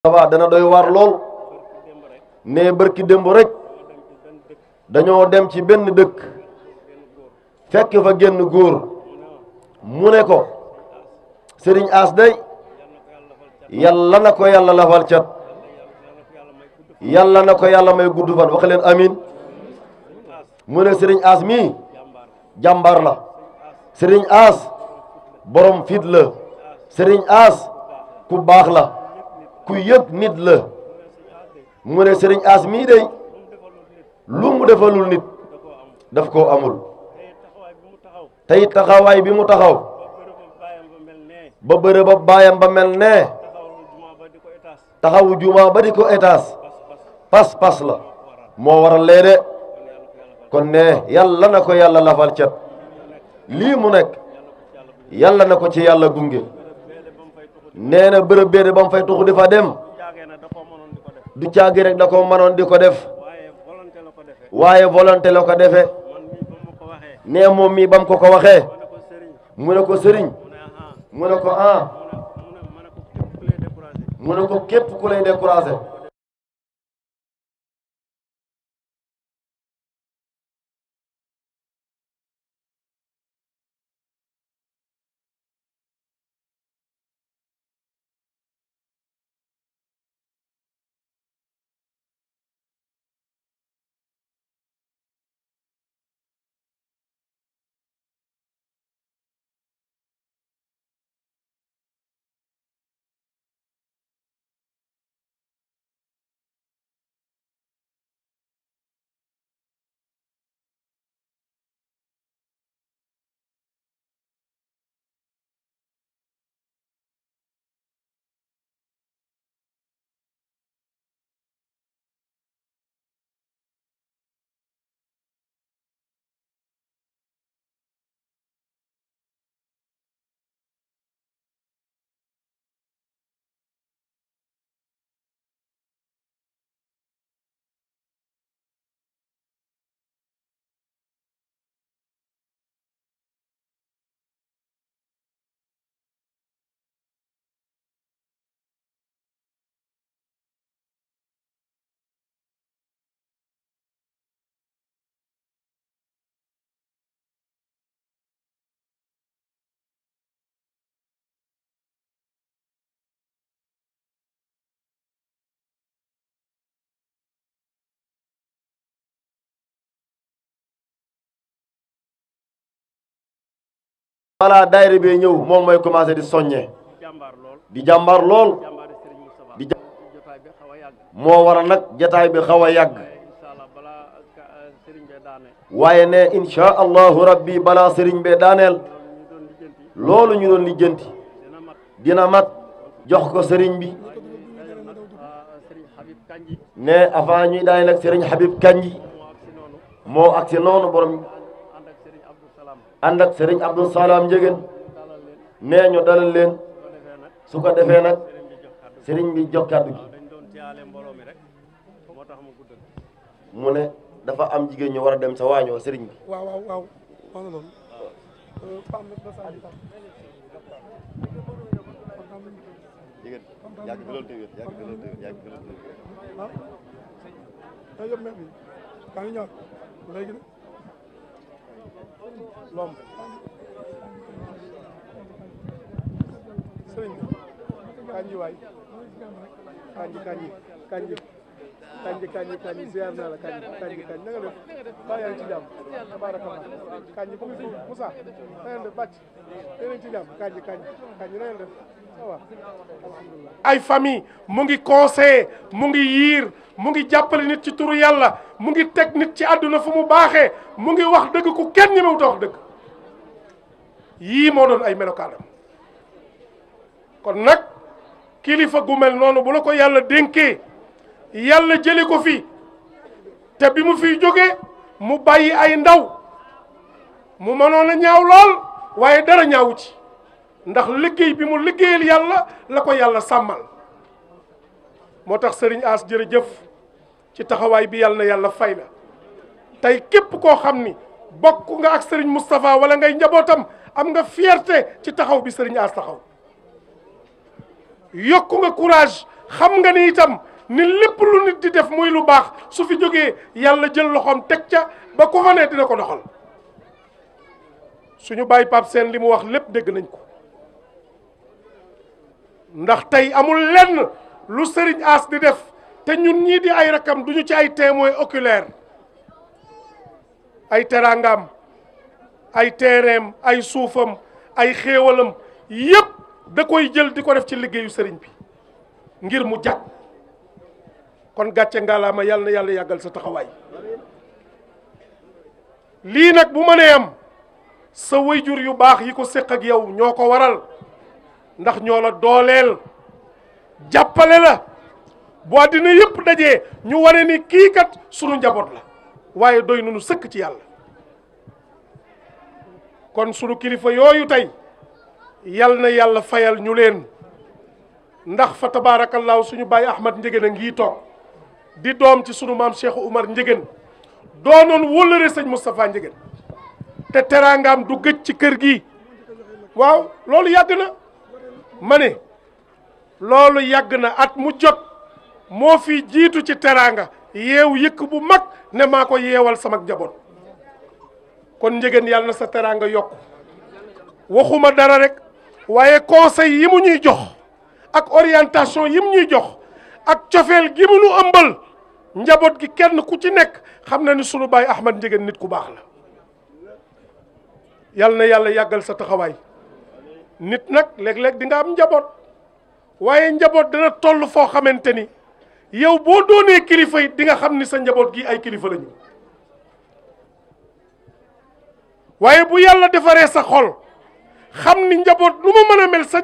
Daba dana doy waar lool ne bërki démb rek dañoo dem ci benn dëkk fekk fa génn góor mu ne ko sëriñ As day yàlla na ko yàlla lafal cat yàlla na ko yàlla may gudd fan wax leen amin mu ne sëriñ As mii jàmbaar la sëriñ As borom fit la sëriñ As ku baax la. ku yëg nit la mu ne sëriñ as mii day lu mu defalul nit daf koo amul tey taxawaay bi mu taxaw ba bërëb ba baayam ba mel ne taxawu jumaa ba di ko étage pas pas la moo waral lee de kon ne yàlla na ko yàlla lafal cet lii mu nekk yàlla na ko ci yàlla gunge nee na bërëb bee de ba mu fay tuxu di fa dem du caagi rek da ko mënoon di ko def waaye volonté la ko defe nee moom mii ba mu ko ko waxee mu ne ko sëriñ mu ne ko ah mu ne ko képp ku lay découragé balaa daayira bee ñëw moom mooy commencé di soññe di jàmbaar lool di moo waral nag jataay bi xaw a yàgg waaye ne insha allahu rabbi balaa sëriñ bee daaneel loolu ñu doon lijjanti dina mat jox ko sëriñ bi ne avant ñuy daane nag sëriñ Habib Kanji moo agsi noonu borom ànd ak sëriñ Abdou Salam Njëgën nee ñu dalal leen su ko defee nag sëriñ bi jox kàddu gi mu ne dafa am jigéen ñu war a dem sa waañoo sëriñ bi waaw jigéen euh, yàgg fi loolu te wér yàgg fi loolu te wér lomb sëriñ bi kanji waay kanji kanji kanji kanji kanji kanji ziar naa la kanji kanji kanji nga ci jàmm tabarakallah kanji bu ngi suuf Moussa na ngeen def bàcc yéen a ci jàmm kanji kanji kanji na ngeen ay famille mu ngi conseillé mu ngi yiir mu ngi jàppale nit ci turu yàlla mu ngi teg nit ci àdduna fu mu baaxee mu ngi wax dëgg ku kenn ñi mawuta wax dëgg yii moo doon ay melokaanam kon nag kilifa gu mel noonu bu la ko yàlla dénkee yàlla jële ko fi te bi mu fiy jóge mu bàyyi ay ndaw mu mënoon a ñaaw lool waaye dara ñaawu ci ndax liggey bi mu liggeyal yalla la ko samal samal moo tax sëriñ As jërëjëf ci taxaway bi yalla na yàlla fay la tey képp koo xam ni nga ak serigne Moustapha wala ngay njabotam am nga fierté ci taxaw bi serigne As taxaw yokku nga courage xam nga ni itam ni lepp lu nit di def moy lu bax su fi joge yalla jël loxom tek ca ba ko xone dina ko doxal suñu baye pap sen limu wax lepp deg nañ ko. ndax tey amul lenn lu sëriñ As di def te ñun ñii di ay rakkam duñu ci ay témoin oculaire ay teraangam ay teereem ay suufam ay xéewalam yépp da koy jël di ko def ci liggéeyu sëriñ bi ngir mu jag kon gàcce ngalaama yàlla yàlla yàggal sa taxawaay lii nag bu mënee am sa wayjur yu baax yi ko séq ak yow ñoo ko waral ndax ñoola dolel jappale la bo adina yep dajé ñu waré ni ki kat sunu njaboot la waye doynu nunu sëkk ci yalla kon sunu kilifa yoyu tay yal na fayal ñu leen ndax fa tabarakallah suñu baye ahmad njëgën ngi tok di dom ci sunu mam cheikh oumar njëgën doonoon wolere señ mustapha njëgën te terangam du gëj ci kër gi waw yagna ma ne loolu yàgg na at mu jot moo fi jiitu ci teraanga yeew yëkk bu mag ne maa ko yeewal sama njaboot kon njëgeen yàlla na sa teraanga yokk waxuma dara rek waaye conseil yi mu ñuy jox ak orientation yi mu ñuy jox ak cofeel gi mu nu ëmbal njaboot gi kenn ku ci nekk xam na ni sunu baay Ahmad Njëgeen nit ku baax la yàlla na yàlla yàggal sa taxawaay nit nag léeg-léeg di nga am njaboot waaye njaboot dana toll foo xamante ni yow boo doonee kilifa yi di nga xam ni sa njaboot gi ay kilifa lañu waaye bu yàlla defaree sa xol xam ni njaboot lu mu mën a mel sa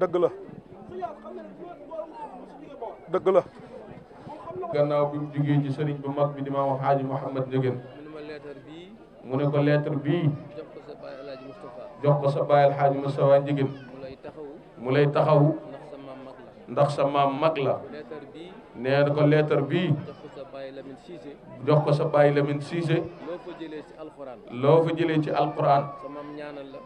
dëgg la dëgg la gannaaw bi mu jógee ci sëriñ bu mag bi di maam xaaji Mouhamed Ndieguène mu ne ko lettre bii jox ko sa baay alxaaji Moustapha Ndieguène mu lay taxaw ndax sa maam mag la nee na ko lettre jox ko sa bàyyi Lamine Cissé. loo fa jëlee ci alquran. loo fa jëlee ci alquran.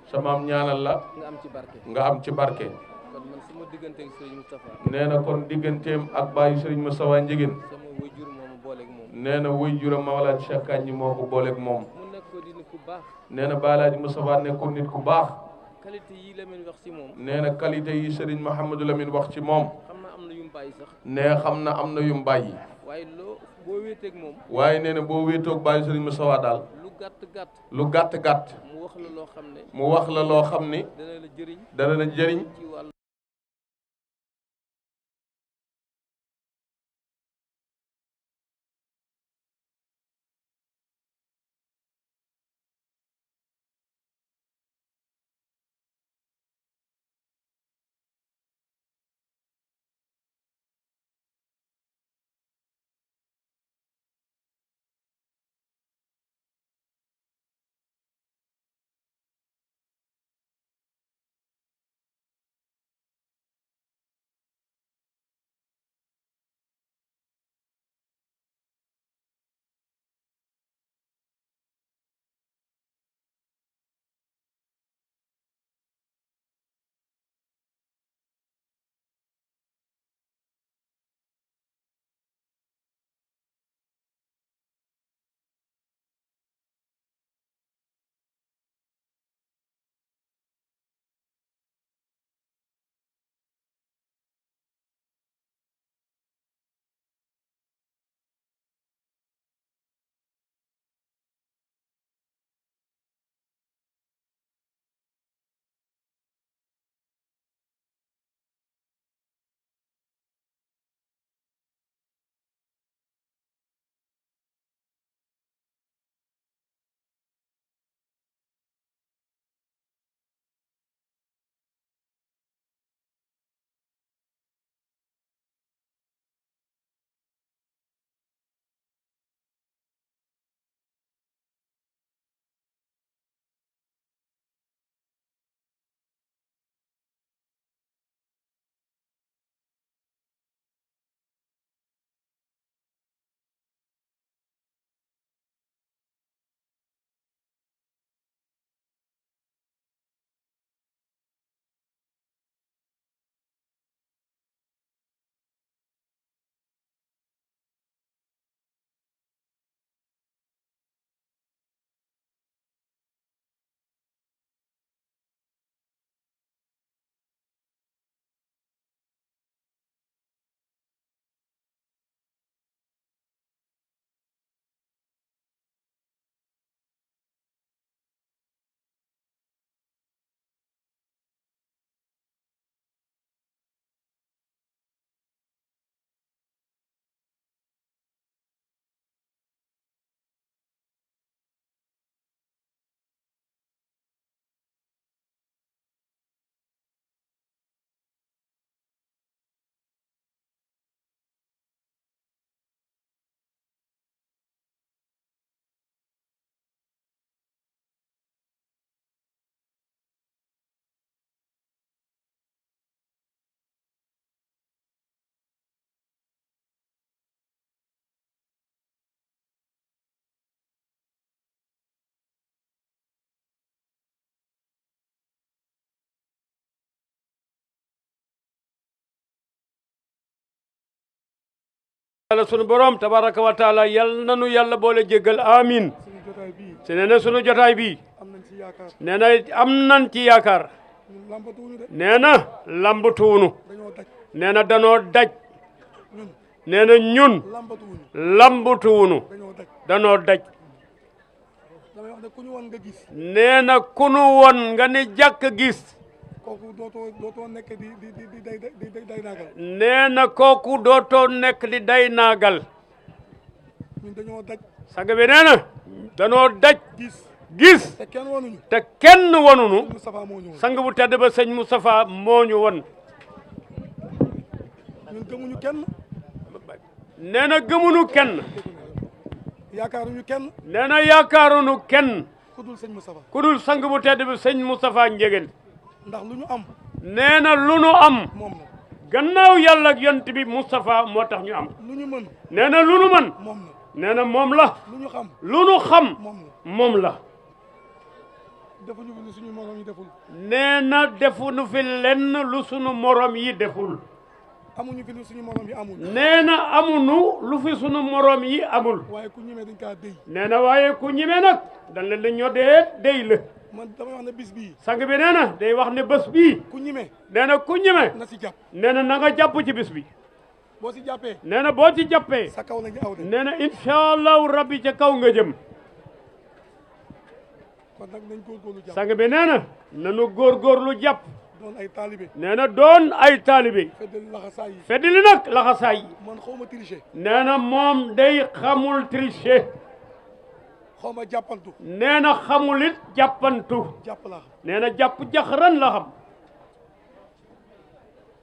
sa maam ñaanal la. ñaanal la. am ci barke. nga am ci barke. kon man digganteeg Serigne Moustapha. nee na kon digganteem ak bàyyi Serigne Moustapha Njigéen. sama wajur moomu booleeg moom. nee na wajuram Mawlaana Cheikh Kandji moo ko booleeg moom. mu nekkoon di nit ku baax. nee na Baalaaji Moustapha nekkoon nit ku baax. qualité yi wax ci moom. nee na qualité yi Serigne Mouhamadou Lamine wax ci moom. xam na am na yu mu bàyyi sax. nee xam na am na yu mu bàyyi. waaye loo. boo wéeteeg moom. waaye nee na boo wéetoog bàyyi sëriñ Moussa Wa daal. lu gàtt gàtt. lu gàtt gàtt. mu wax la loo xam ne. mu wax la loo xam ne. dana la jëriñ. dana la jëriñ. yàlla sunu borom tabaraka wa taala yal nanu yàlla boole jéggal amin si nee na sunu jotaay bi nee am nan ci yaakaar nee na lambatuwunu nee na danoo daj nee na ñun lambatuwunu danoo daj nee na kunu woon nga ne jàkk gis kooku dootoo dootoo nekk di day day nee na kooku dootoo nekk di day naagal. ñun dañoo daj. sang bi nee na. danoo daj. gis gis. te kenn wanuñu. te kenn wanuñu. sang bu tedd ba sëñ Moustapha moo ñu won. ñun gëmuñu kenn. nee na gëmuñu kenn. yaakaaruñu kenn. nee na yaakaaruñu kenn. ku dul sëñ Moustapha. ku dul sang bu tedd bi sëñ Moustapha Ndiéguène. ndax lu ñu am. nee na lu ñu am. moom la gannaaw yàlla ak yonent bi Moustapha moo tax ñu am. lu ñu mën nee na lu ñu man moom nee na moom la. lu ñu xam lu xam. moom la. defuñu fi lu suñu morom deful. nee na defuñu fi lenn lu sunu moroom yi deful. amuñu fi lu suñu morom yi amul. nee na amuñu lu fi sunu moroom yi amul. waaye ku ñemee dañ kaa déy. nee na waaye ku ñemee nag dañ leen di ñoo dee déy la. man dama wax ne bis bii. bi nee day wax ne bés bi ku nee na ku ñime. na si jàpp nee na na nga ci bés bi. boo si jàppee. nee na boo ci jàppee. sa kaw la ñu aw de. nee na incha allahu rabbi ca kaw nga jëm. kon nag nañ góorgóorlu jàpp. sang bi nee na. nanu góorgóorlu jàpp. doon ay taalibe. nee na doon ay taalibe. fedeli laxasaay yi. fedeli nag laxasaay yi. man xawma moom day xamul tricher. xaw ma jàppantu. nee na xamul it jàppantu. jàpp laa xam nee na jàpp jaxran la xam.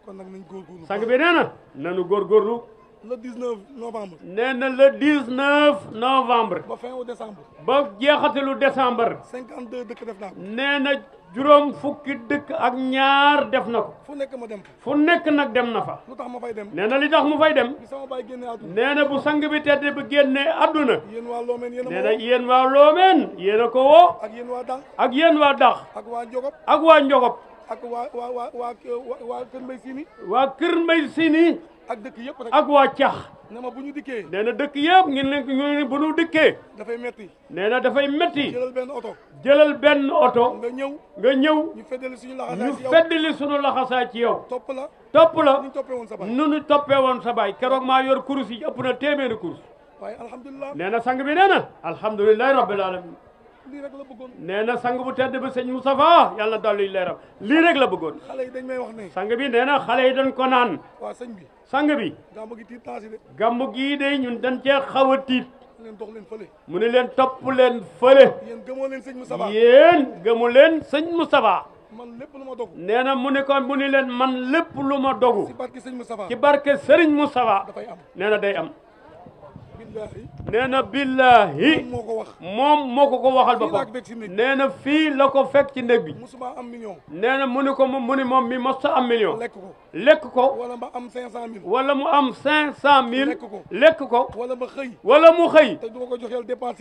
kon nag nañ góorgóorlu sang bi nee na nanu góorgóorlu. le 19 novembre. nee na le 19 novembre. ba fin wu décembre. ba jeexatalu décembre. 52 dëkk def naa nee na juróom fukki dëkk ak ñaar def na ko. fu nekk ma dem. fu nekk nag dem na fa. lu tax ma fay dem. nee na li tax mu fay dem. bi sama baay génnee na bu sang bi tedd bi génnee àdduna. yéen waa Loomeen yéen a. yéen waa Loomeen yéen ko woo. ak yéen waa Dax. ak yéen waa Dax. ak waa Njogop. ak waa Njogop. ak waa waa waa waa Kër Mbay Sini. waa Kër Mbay Sini. ak yëpp nag waa cax ne ma bu ñu dikkee nee na dëkk yëpp ngeen ne ñu ne bu ñu dikkee dafay metti nee na dafay metti jëlal benn oto jëlal benn oto nga ñëw nga ñëw ñu feddali suñu laxasaay ñu feddali suñu laxasaay ci yow topp la topp la nu ñu toppee woon sa baay keroog maa yor kurus yi ëpp na téeméeri kurus waaye alhamdulilah nee na sang bi nee na alhamdulilahi rabbil alamin lii rek la bëggoon nee na sang bu tedd bi sëñ Moustapha yàlla dolli leeram lii rek la bëggoon xale yi dañ may wax ne sang bi nee na xale yi dañ ko naan waaw bi sang bi gàmmu gi tiit taasi de gàmmu gii de ñun dañ cee xaw a tiit leen dox leen fële mu ne leen topp leen fële yéen gëmoo leen sëñ Moustapha yéen gëmu leen sëñ Moustapha man lépp lu ma dogu nee na mu ne mu ni leen man lépp lu ma dogu ci barke sëñ Moustapha ci barke sëriñ Moustapha dafay am nee na day am nee na billaahi moom moo ko ko waxal ba ko nee na fii la ko fekk ci ndég bi nee na mu ni ko mu ni moom mi mos am million lekk ko wala mu am cinq cent mille wala mu am cinq cent mille lekk ko wala mu xëy wala mu xëy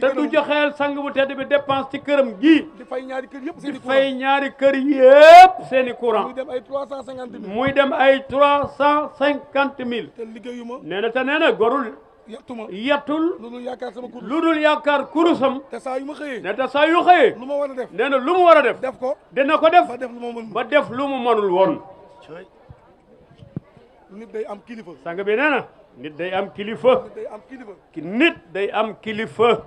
te du joxeel sang bu tedd bi dépense ci këram gii di fay ñaari kër yëpp di fay ñaari kër yëpp seen i courant muy dem ay trois cent cinquante mille muy dem ay trois cent cinquante mille nee na te nee na gorul yettuma yettul lu dul yaakaar sama kurus lu dul yaakaar kurusam te saa yu ma xëyee ne te saa yu xëyee lu ma war a def nee na lu mu war a def def ko dina ko def ba def lu ma mën ba def lu mu manul woon nit day am kilifa sang bi nee nit day am kilifa nit day am kilifa ki nit day am kilifa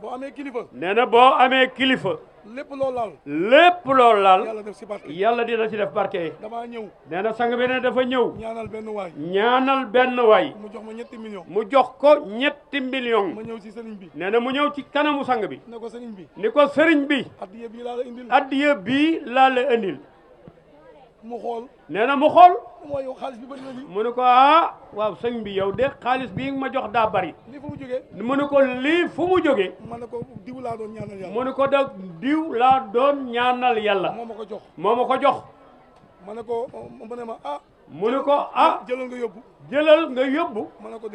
boo amee kilifa nee na boo amee kilifa lépp loo laal lépp loo laal yàlla dina ci def barke damaa ñëw nee na sang bi ne dafa ñëw ñaanal benn waay ñaanal benn waay mu jox ma ñetti million mu jox ko ñetti million ma ñëw ci sëriñ bi nee na mu ñëw ci kanamu sang bi ne ko sëriñ bi ni ko sëriñ bi addiye bii laa la indil addiye bii laa la indil mu xool nee na mu xool mooy yow xaalis bi bëri na lii mu ne ko ah waaw sëñ bi yow de xaalis bi ma jox daa bëri lii fu mu jógee mu ne ko lii fu mu jógee mu ne ko diw laa doon ñaanal yàlla mu ne ko da diw laa doon ñaanal yàlla moo ma ko jox moo ma ko jox ma ne ko mu ne ma ah mu ne ko ah jëlal nga yóbbu jëlal nga yóbbu ma ne ko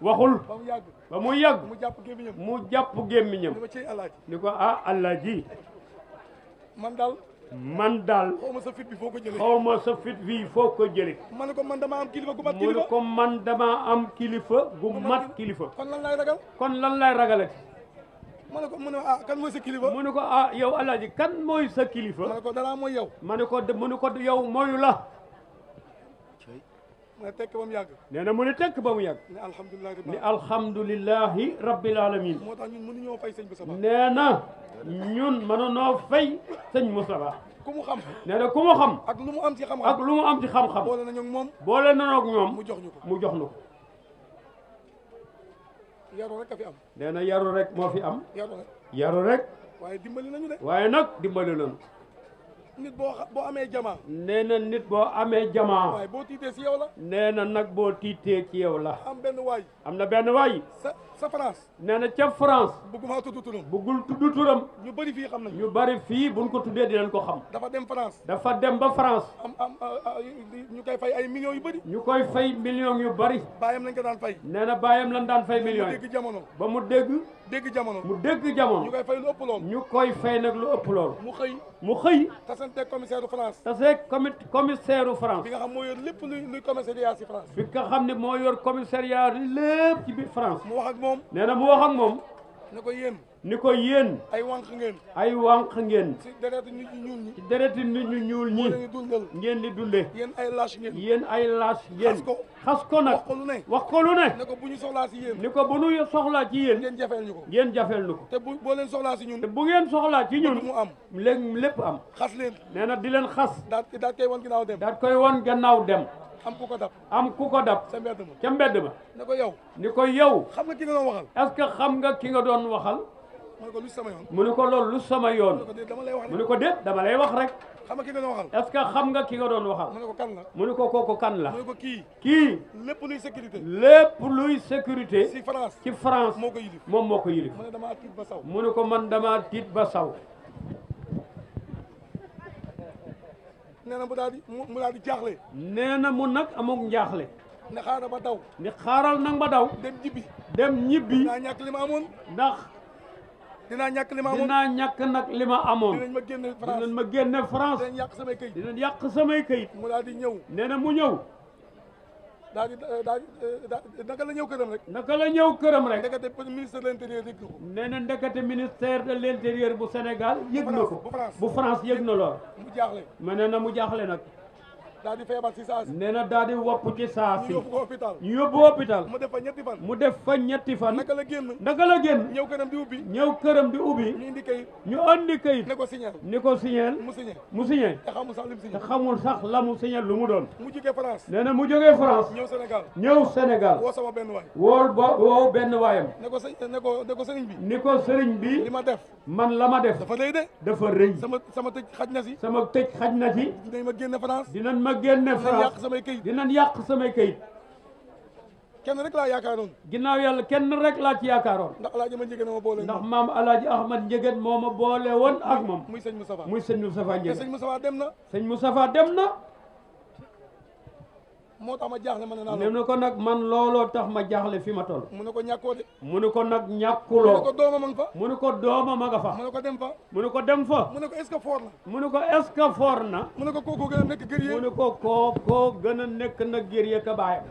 waxul ba mu yàgg mu jàpp gémmiñam mu jàpp gémmiñam ni ko ah alaaji man daal man daal xaw ma sa fit bi foo ko jëlee xaw ma sa fit bi foo ko jëlee ma ne ko man damaa am kilifa gu mat kilifa mu ne ko man damaa am kilifa gu mat kilifa kon lan lay ragal kon lan lay ragal ma ne ko mu ne ah kan mooy sa kilifa mu ne ko ah yow alaaji kan mooy sa kilifa ma ne ko dara mooy yow ma ne ko mu ne ko yow mooyu la mu ne tekk ba mu yàgg. nee na mu ne tekk ba mu yàgg. ne alhamdulilah rabbil ne alhamdulilahi rabbil alamin. moo tax ñun mënuñoo fay sëñ Moussa Ba. nee na ñun mënuñoo fay sëñ Moussa Ba. ku mu xam. nee na ku mu xam. ak lu mu am ci xam-xam ak lu mu am ci xam-xam. boole nañoo ak moom. boole nañoo ak ñoom. mu jox ñu ko mu jox ñu ko. yaru rek a fi am. nee na yaru rek moo fi am. yaru rek yaru rek. waaye dimbali nañu de. waaye nag dimbali nañu. nit boo boo amee jamaa. nee na nit boo amee jamaa. waaye boo tiitee ci yow la. nee na nag boo tiitee ci yow la. am benn waay. am na benn waay. sa France. nee na lañ daan fay. nee ba mu dégg. dégg jamono mu dégg jamono. ñu koy fay lu ëpp lool. ñu koy fay nag lu ëpp lool. mu xëy mu xëy. tasante commissaire u tase commissaire u bi nga xam moo yor lépp luy luy commissariat si xam ne moo yor commissariat lépp ci biir France. mu wax ak moom. nee na mu wax moom. ni ko yéen. ni ko yéen. ay wànq ngeen. ay wanq ngeen. ci deretu nit ñu ñuul ñi. ci deretu nit ñu ñuul ñi. ngeen di dundal. yéen ay lâche ngeen. yéen ay lâche ngeen. xas ko xas ko nag. wax ko lu ne. wax ko lu ne. ni ko bu ñu soxlaa ci yéen. ni ko bu ñu soxlaa ci yéen. ngeen jafeel ñu ko. ngeen jafeel ñu ko. te bu boo leen soxlaa ci ñun. te bu ngeen soxlaa ci ñun. mu am léegi lépp am. xas leen. nee na di leen xas. daal daal koy wan gannaaw dem. daal koy wan gannaaw dem. am ku ko dab am ku ko dab ca mbedd ma ca mbedd ma ni ko yow ni ko yow xam nga ki nga doon waxal est-ce que xam nga ki nga doon waxal mu ne ko lu sama yoon mu ne ko loolu lu sama yoon mu ne ko déet dama lay wax rek xam nga ki nga doon que xam nga ki nga doon waxal mu ne ko kan la mu ne ko kooku kan la mu kii kii lépp luy sécurité lépp luy sécurité ci France ci France moo ko yilif moom moo ko yilif mu ne damaa tiit ba saw mu ne ko man dama tiit ba saw nee na mu daal di mu daal di jaaxle. nee na mu nag amuk njaaxle. ne xaaral ba daw. ne xaaral nag ba daw. dem ñibbi. dem ñibbi. naa ñàkk li ma amoon. ndax. dinaa ñàkk li ma amoon dinaa ñàkk nag li ma amoon. dinañ ma génne France dinañ ma génne France. dinañ yàq samay kayit dinañ yàq samay kayit. mu daal di ñëw. nee na mu ñëw. daal di daal di naka la ñëw këram rek. naka la ñëw këram rek. ndekete ministre de l' intérieur yëg na ko. nee na ndekete ministère de l' intérieur bu Sénégal. yëg na ko bu France bu France yëg na lool. mu jaaxle. ma nee na mu jaaxle nag. Nena Dadi feebar si saasi nee na ci saasi ñu yóbbu hôpital ñu hôpital mu def fa ñetti fan mu def fa ñetti fan naka la genn naka la genn ñew kërëm di ubbi di ubbi ñu indi kayit ñu signal ni ko signal mu signal mu te xamul sax la mu signal lu mu doon mu joge France nee mu joge France ñew senegal ñew senegal wo sama ben way ko bi ni ko bi def man la ma def dafa rëy sama sama tej xajna ci sama tej xajna ci ma genn France dinañ ma génne France dinañ yàq samay kayit kenn rek laa yaakaaroon ginnaaw yàlla kenn rek laa ci yaakaaroon ndax alaaji ma njëgeen ma boole ndax maam alaaji ahmad njëgeen moo ma boole woon ak moom muy sëñ Moustapha muy sëñ Moustapha njëgeen sëñ Moustapha dem na sëñ Moustapha dem na moo tax ma jaaxle ma ne naa ne ne ko nag man looloo tax ma jaaxle fi ma toll mu ne ko ñàkkoo de mu ne ko nag ñàkkuloo mu ne ko dooma a nga fa mu ne ko dooma ma nga fa mu ne ko dem fa mu ne ko dem fa mu ne ko est-ce na mu ne ko est-ce que foor na mu ne ko gën a nekk guerrier mu ne ko kookoo gën a nekk na guerrier ka baayam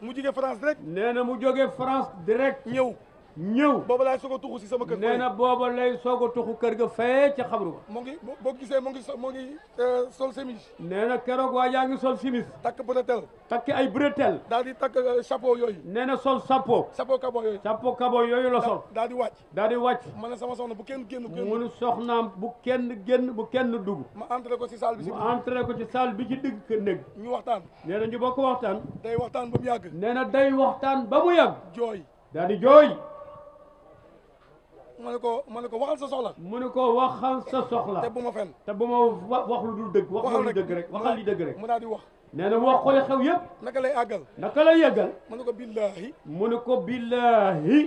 mu jóge France direct nee na mu jóge France direct ñëw ñëw booba laay soog a tuxu si sama kër nee na booba lay soog a tuxu kër ga fee ca xabru ba mu ngi boo gisee mu ngi mu ngi euh, sol chemise nee na keroog waa yaa ngi sol chemise takk bretelle takk ay bretelle daal di takk euh, chapeau yooyu nee na sol chapeau chapeau kabo yooyu chapeau kabo yooyu la sol daal di wàcc daal di wàcc ma ne sama soxna bu kenn génn mu ne soxnaam bu kenn génn bu kenn dugg ma entré ko si salle bi mu entré ko ci salle bi ci digg kër néeg ñu waxtaan nee na ñu bokk waxtaan day waxtaan ba mu yàgg nee na day waxtaan ba mu yàgg jooy daal di jooy mu ne waxal sa soxla mu ne waxal sa soxla te bu ma fen te bu ma wax lu dul dëgg waxal lu dëgg rek waxal li dëgg rek mu daal di wax nee na wax ko li xew yëpp naka lay àggal naka lay yàggal mu ne ko billahi mu ne ko billahi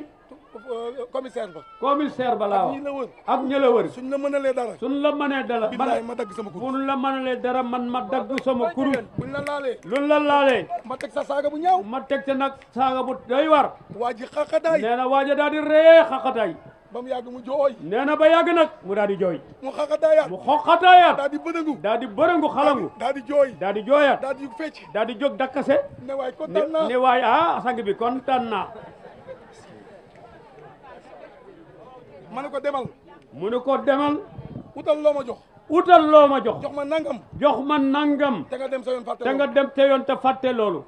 euh, commissaire ba commissaire ba laa wax ak ñi la wër ak ñi la wër suñ dara suñ la mënee dara billahi ma dagg sama kurus buñ la mënalee dara man ma dagg sama kurus buñ la laalee luñ la laalee ma teg sa saaga bu ñaaw ma teg sa nag saaga bu doy war waa ji xaqataay nee daal di ree xaqataay ba mu yàgg mu jooy nee na ba yàgg nag mu daal di jooy mu xaxataayaat mu xoxataayaat daal di bërëngu daal di bërëngu xalangu daal di jooy daal di jooyaat daal di yug fecc daal di jóg ne waay kontaan ne waay ah sang bi kontaan naa demal Manuko demal utal loo ma jox utal loo ma jox jox ma nangam jox ma nangam te nga dem sa yoon fàtte te nga dem te yoon te fàtte loolu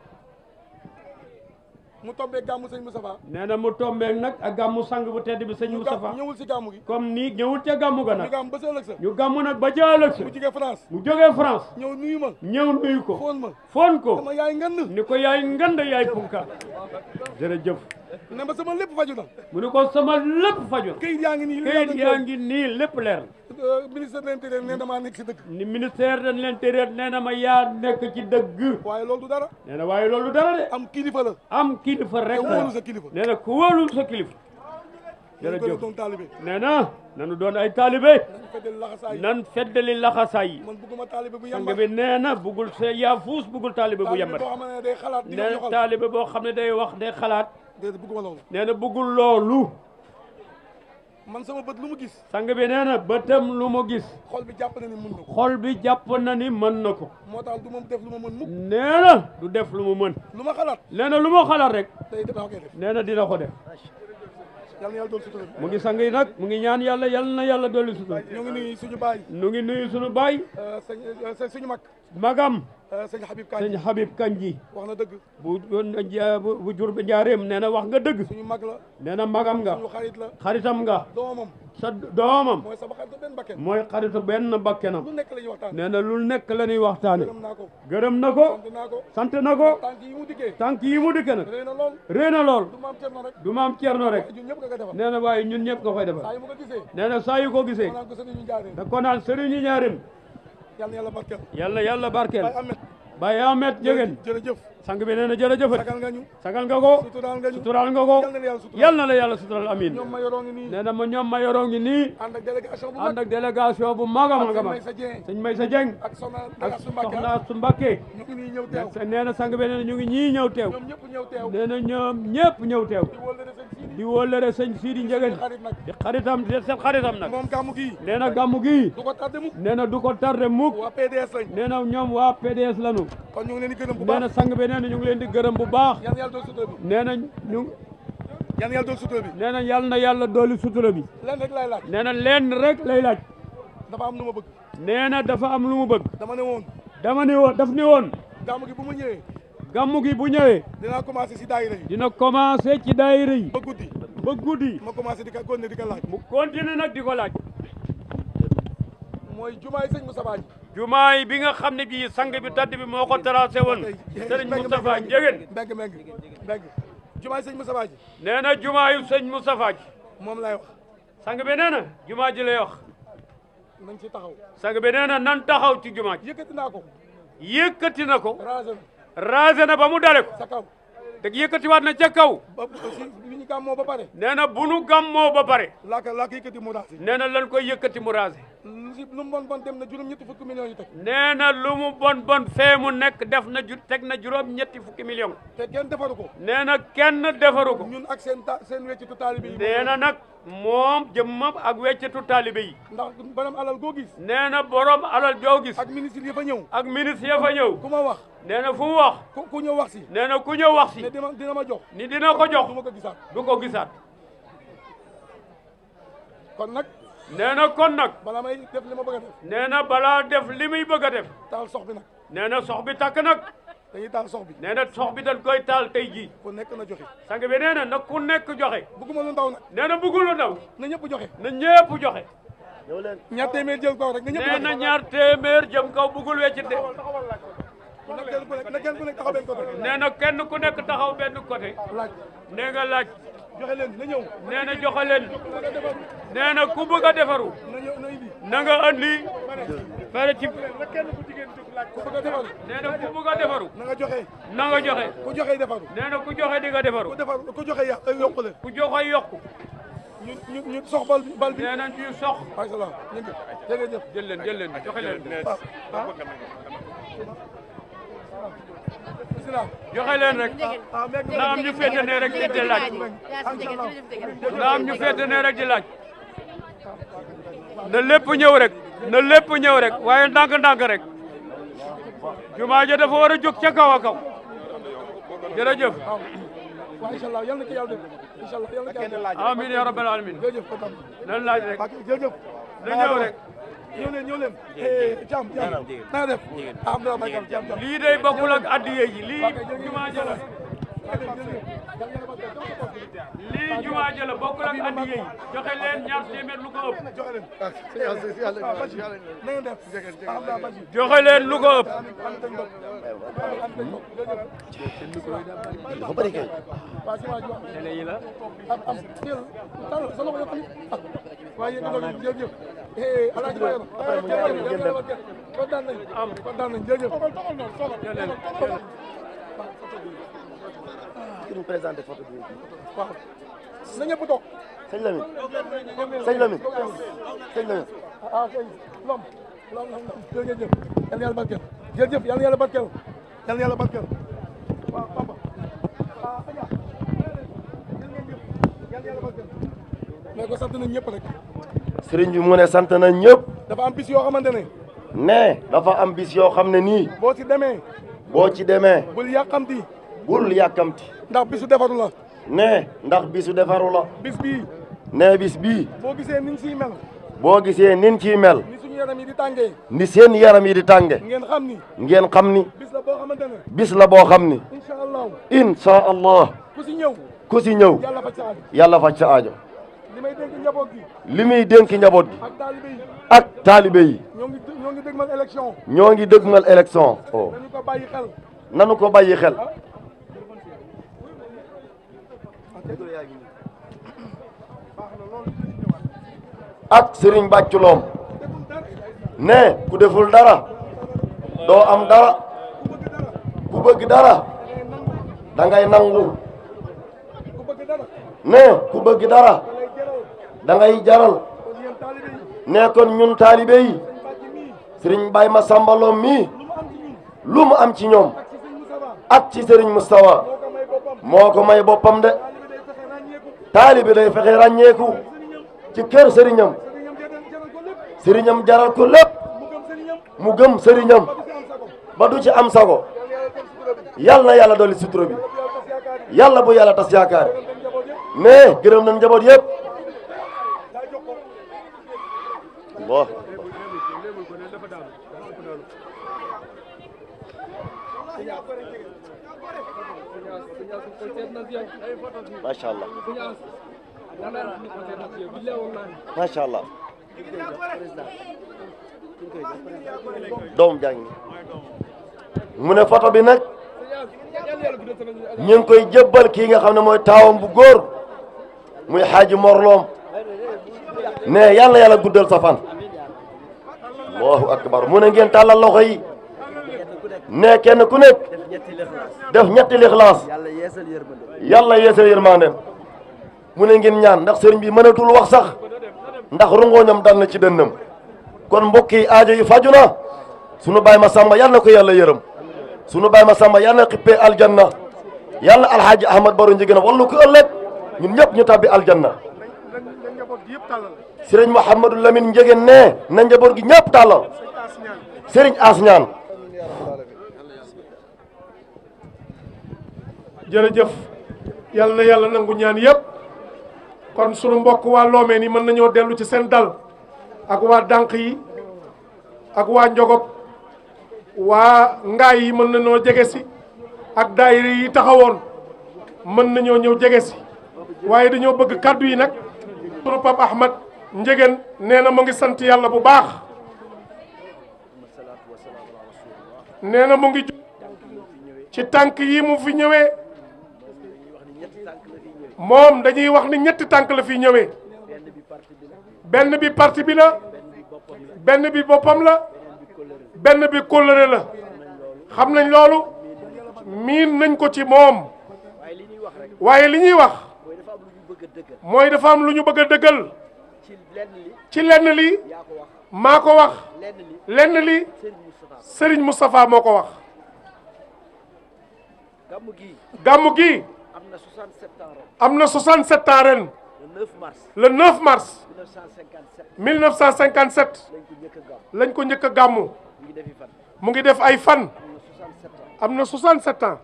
mu tombee gàmmu sëñ Moustapha nee na mu tombee nag a gàmmu sang bu tedd bi sëñ Moustapha ñëwul si gàmmu gi comme nii ñëwul ca gàmmu ga nag ñu gàmm sa ëllëg gàmm nag ba ca ëllëg sa mu jógee France mu jógee France ñëw nuyu ma ñëw nuyu ko foon ma foon ko sama yaay ngënd ni ko yaay ngënd yaay punkar jërëjëf ne ma sama lépp faju na mu ne ko sama lépp faju na kayit yaa ngi nii kayit yaa nii lépp leer na euh, ministère de l'intérieur nee na maa ni ministère de l'intérieur nee na ma yaa nekk ci dëgg waaye loolu du dara na waaye loolu du dara de am kilifa la am kilifa rek la wóolu sa kilifa nee na ku wóolu sa kilifa jërëjëf doon taalibe na nanu doon ay taalibe nan feddali laxasaay yi man bugguma taalibe bu yàmbar bi nee na buggul sa yaafuus buggul taalibe bu yàmbar nee na taalibe boo xam ne day wax de xalaat déedéet bëgguma loolu. nee bëggul loolu. man sama bët lu mu gis. sang bi nee na bëtam lu mu gis. xol bi jàpp na ni mën na ko. xol bi jàpp na ni mën na ko. du def lu mën mukk. du def lu mu mën. rek. tey dina ko def. nee na dina ko def. mu ngi sang yi mu ngi ñaan na dolli ñu ngi nuyu suñu baay. ñu ngi nuyu suñu baay. Euh, euh, suñu mag. magam. Euh, sëñ Habib Kandji sëñ Habib Kandji wax na dëgg bu bu jur bi njaareem nee na wax nga dëgg suñu mag la nee na magam nga suñu xarit la xaritam nga doomam sa doomam mooy sa xaritu benn bakkenam mooy xaritu benn bakkenam lu nekk la waxtaane lu nekk la ñuy waxtaane gërëm na ko sant na ko tànk yi mu dikkee na lool rëy na lool du maam Cerno rek rek nee waaye ñun ñëpp nga koy defal nee na ko gisee da ko naan sëriñu njaareem yàlla yàlla barkeel. yàlla yàlla barkeel. Baye Ahmed. Baye Ahmed Ndiéguène jërëjëf. sang bi neena jërëjëf sagal nga ñu sagal nga ko sutural nga ñu sutural nga ko yal na la sutural amin ñoom ma yoroo ngi nii nee ma ñoom ma yoroo ngi nii ànd ak délégation bu mag ànd ak délégation bu mag a may sa jeng ak su ñu ngi sang bi ñu ngi di wóllëre sëñ Sidi di xaritam di seen xaritam nag moom gàmmu gii nee na gàmmu gii tardé mukk nee na tardé PDS lañ PDS lañu kon ñu ngi leen bu baax sang nee na ñu ngi leen di gërëm bu baax yan yàlla dool sutura bi nee na ñu yan yàlla dool sutura bi nee na yàlla na yàlla dooli sutura bi leen rek lay laaj nee na leen rek lay laaj dafa am lu ma bëgg nee na dafa am lu mu bëgg dama ne woon dama ne woon daf ne woon gàmmu gi bu mu ñëwee gàmmu gi bu ñëwee dina commencé ci daayira yi dina commencé ci daayira yi ba guddi ba guddi ma commencé di ko continuer di ko laaj mu continuer nag di ko laaj mooy jumaay sëñ Moussa Badji jumaay bi nga xamne bi sang bi tàdd bi moko tracé won serigne Moustapha Ndiéguène beug beug beug jumaay serigne sëñ Moustapha ji neena jumaay serigne yu Moustapha ji mom lay wax sang bi neena jumaay ji lay wax nañ ci taxaw sang bi neena nan taxaw ci jumaay yekati nako yekati nako yëkkati na rasé na ba mu dalé ko sa yekati wat na ci kaw bi ñu gàmmoo ba pare nee na bu nu gàmmoo ba paré laaka laaka yekati mu rasé neena lan koy yekati mu rasé lu mu bon bon dem na juróom ñetti fukki millions yu nenak nee na lu mu bon bon fee mu nekk def na ju teg na juróom ñetti fukki millions. te kenn defaru ko. kenn defaru ñun ak seen seen weccitu taalibe yi. nee na nag jëmmam ak weccitu taalibe yi. ndax borom alal goo gis. nee borom alal joo gis. ak ministre ya fa ñëw. ak ministre ya fa ñëw. ku wax. nee fu wax. ku ku wax si. nee ku ñëw wax si. ne dina dina ma jox. ni dina ko jox. du ko gisaat du ko gisaat. kon nag. nee na kon nag. balaa may def li ma bëgg a def. nee balaa def li muy bëgg a def. taal sox bi nag. nee na sox bi tàkk nag. dañuy taal sox bi. nee na sox bi dañ koy taal tey jii. ku nekk na joxe. sang bi nee na nag ku nekk joxe. bëgguma lu ndaw nag. nee na bëggu lu ndaw. na ñëpp joxe. na ñëpp joxe. yow leen ñaar téeméer jëm kaw rek na ñëpp joxe. nee na ñaar téeméer jëm kaw bëggul weccit de. nee na kenn ku nekk taxaw benn côté. nee nga laaj. joxe leen na ñëw nee na joxe leen nee na ku bëgg a defaru na nga andi fere ci nee na ku bëgg a defaru na nga joxe na nga joxe ku joxe defaru nee na ku joxe di nga defaru ku defaru ku joxe yokku la ku joxe yokku ñu ñu ñu sox bal bi bal bi nee na ñu sox waaye salaam jërëjëf jël leen jël leen joxe leen joxe leen rek na am ñu féete ne rek di laaj na am ñu rek na lépp ñëw rek lépp ñëw waaye ndànk-ndànk rek jumaa ja dafa war a ca kaw a kaw jërëjëf waaw incha allah yal na ko yàlla ya rabbal alamin jërëjëf laaj rek na ñëw rek ñëw leen ñëw leen eh, jàmm jàmm na def am na may jàmm jàmm lii day bokkul ak addiye yi lii jumaa jëla lii jumaa jëla bokkul ak addiye yi joxe leen ñaar téeméer lu ko ëpp joxe leen lu ko ëpp dafa bari kay tele yi la alaaji bàyyi ma kontaan nañ kontaan nañ jërëjëf togal togal noonu togal togal ki ñu présenté photo bi waaw na ñëpp toog sëñ Lamine sëñ Lamine sëñ Lamine ah sëñ lom lom lom jërëjëf yal na yàlla barkeel jërëjëf yal na yàlla barkeel yal na yàlla barkeel waaw papa ah aja jërëjëf yal na yàlla barkeel ne ko sant nañ ñëpp rek. bi mu ne sant nañ ñëpp. dafa am bis yoo xamante ne. ne dafa am bis yoo xam ne nii. boo ci demee. boo ci demee. bul yàkkamti. bul yàkkamti. ndax bisu defaru la. ne ndax bisu defaru la. bis bii. nee bis bii. boo gisee niñ ciy mel. boo gisee niñ ciy mel. ni suñu yaram yi di tàngee. ni seen yaram yi di tàngee. ngeen xam ni. ngeen xam ni. bis la boo xamante ne. bis la boo xam ni. incha allah. incha allah. ku si ñëw. ku si ñëw. yàlla faj sa yàlla faj sa li muy dénk njaboot gi ak taalibe yi ñoo ngi dëgmal élection ñoo ngi dëgmal élection o oh. nanu ko bàyyi xel ak Serigne Bàcculoom ne ku deful dara doo am dara ku bëgg dara dangay ngay nangu ne bëgg dara da ngay jaral ne kon ñun talibé yi serigne Baye Massamba Lom mii lu mu am ci ñom ak ci serigne mustafa moko may bopam de talibé day fexé ràññeeku ci kër sëriñam sëriñam jaral ko lepp mu gëm sëriñam ba du ci am sago yalla yalla doli dolli sutura bi yalla bu yalla tas yakar mais gërem nañ jabot yépp allah allah doom jàng mu ne photo bi nag ñu koy jébbal kii nga xam ne mooy taawam bu góor muy xaaji morloom ne yàlla yàlla guddal sa allahu akbar mu ne ngeen tàllal loxo yi ne kenn ku nekk def ñetti lixlaas yàlla yeesal yërmande mu ne ngeen ñaan ndax sëriñ bi mënatul wax sax ndax rungooñam dal na ci dënnam kon mbokk yi aajo yi faju na sunu baay ma sàmba yàlla na ko yàlla yërëm sunu baay ma sàmba yàlla na xippee aljanna yàlla alxaaji ahmad baro njigéen a wallu ko ëllëg ñun ñëpp ñu tàbbi aljanna Sering Muhammadul Lamine jaga ne na njaboot gi ñëpp tàllal sëriñ As Ñaan jërëjëf yal na le nangu ñaan yëpp kon sunu mbokk waa Loomeen ni mën nañoo delu ci seen dal ak waa dànq yi ak waa njogob waa ngaay si ak daayira yi taxawoon mën nañoo ñëw si waaye dañoo bëgg kàddu yi nak Ahmad njëgeen nee na mu ngi sant yàlla bu baax nee na mu ngi ci tànk yi mu fi ñëwee moom dañuy wax ni ñetti tànk la fi ñëwee benn bi parti bi la benn bi boppam la benn bi kóllëre la xam nañ loolu miin nañ ko ci moom waaye li ñuy wax mooy dafa am lu ñu bëgg a dëggal ci lenn li maa ko wax lenn li Serigne Moustapha moo ko wax gàmmu gi am na 67 ans ren le 9 mars 1957 lañ ko njëkk a gàmmu mu ngi def ay fan am na 67 ans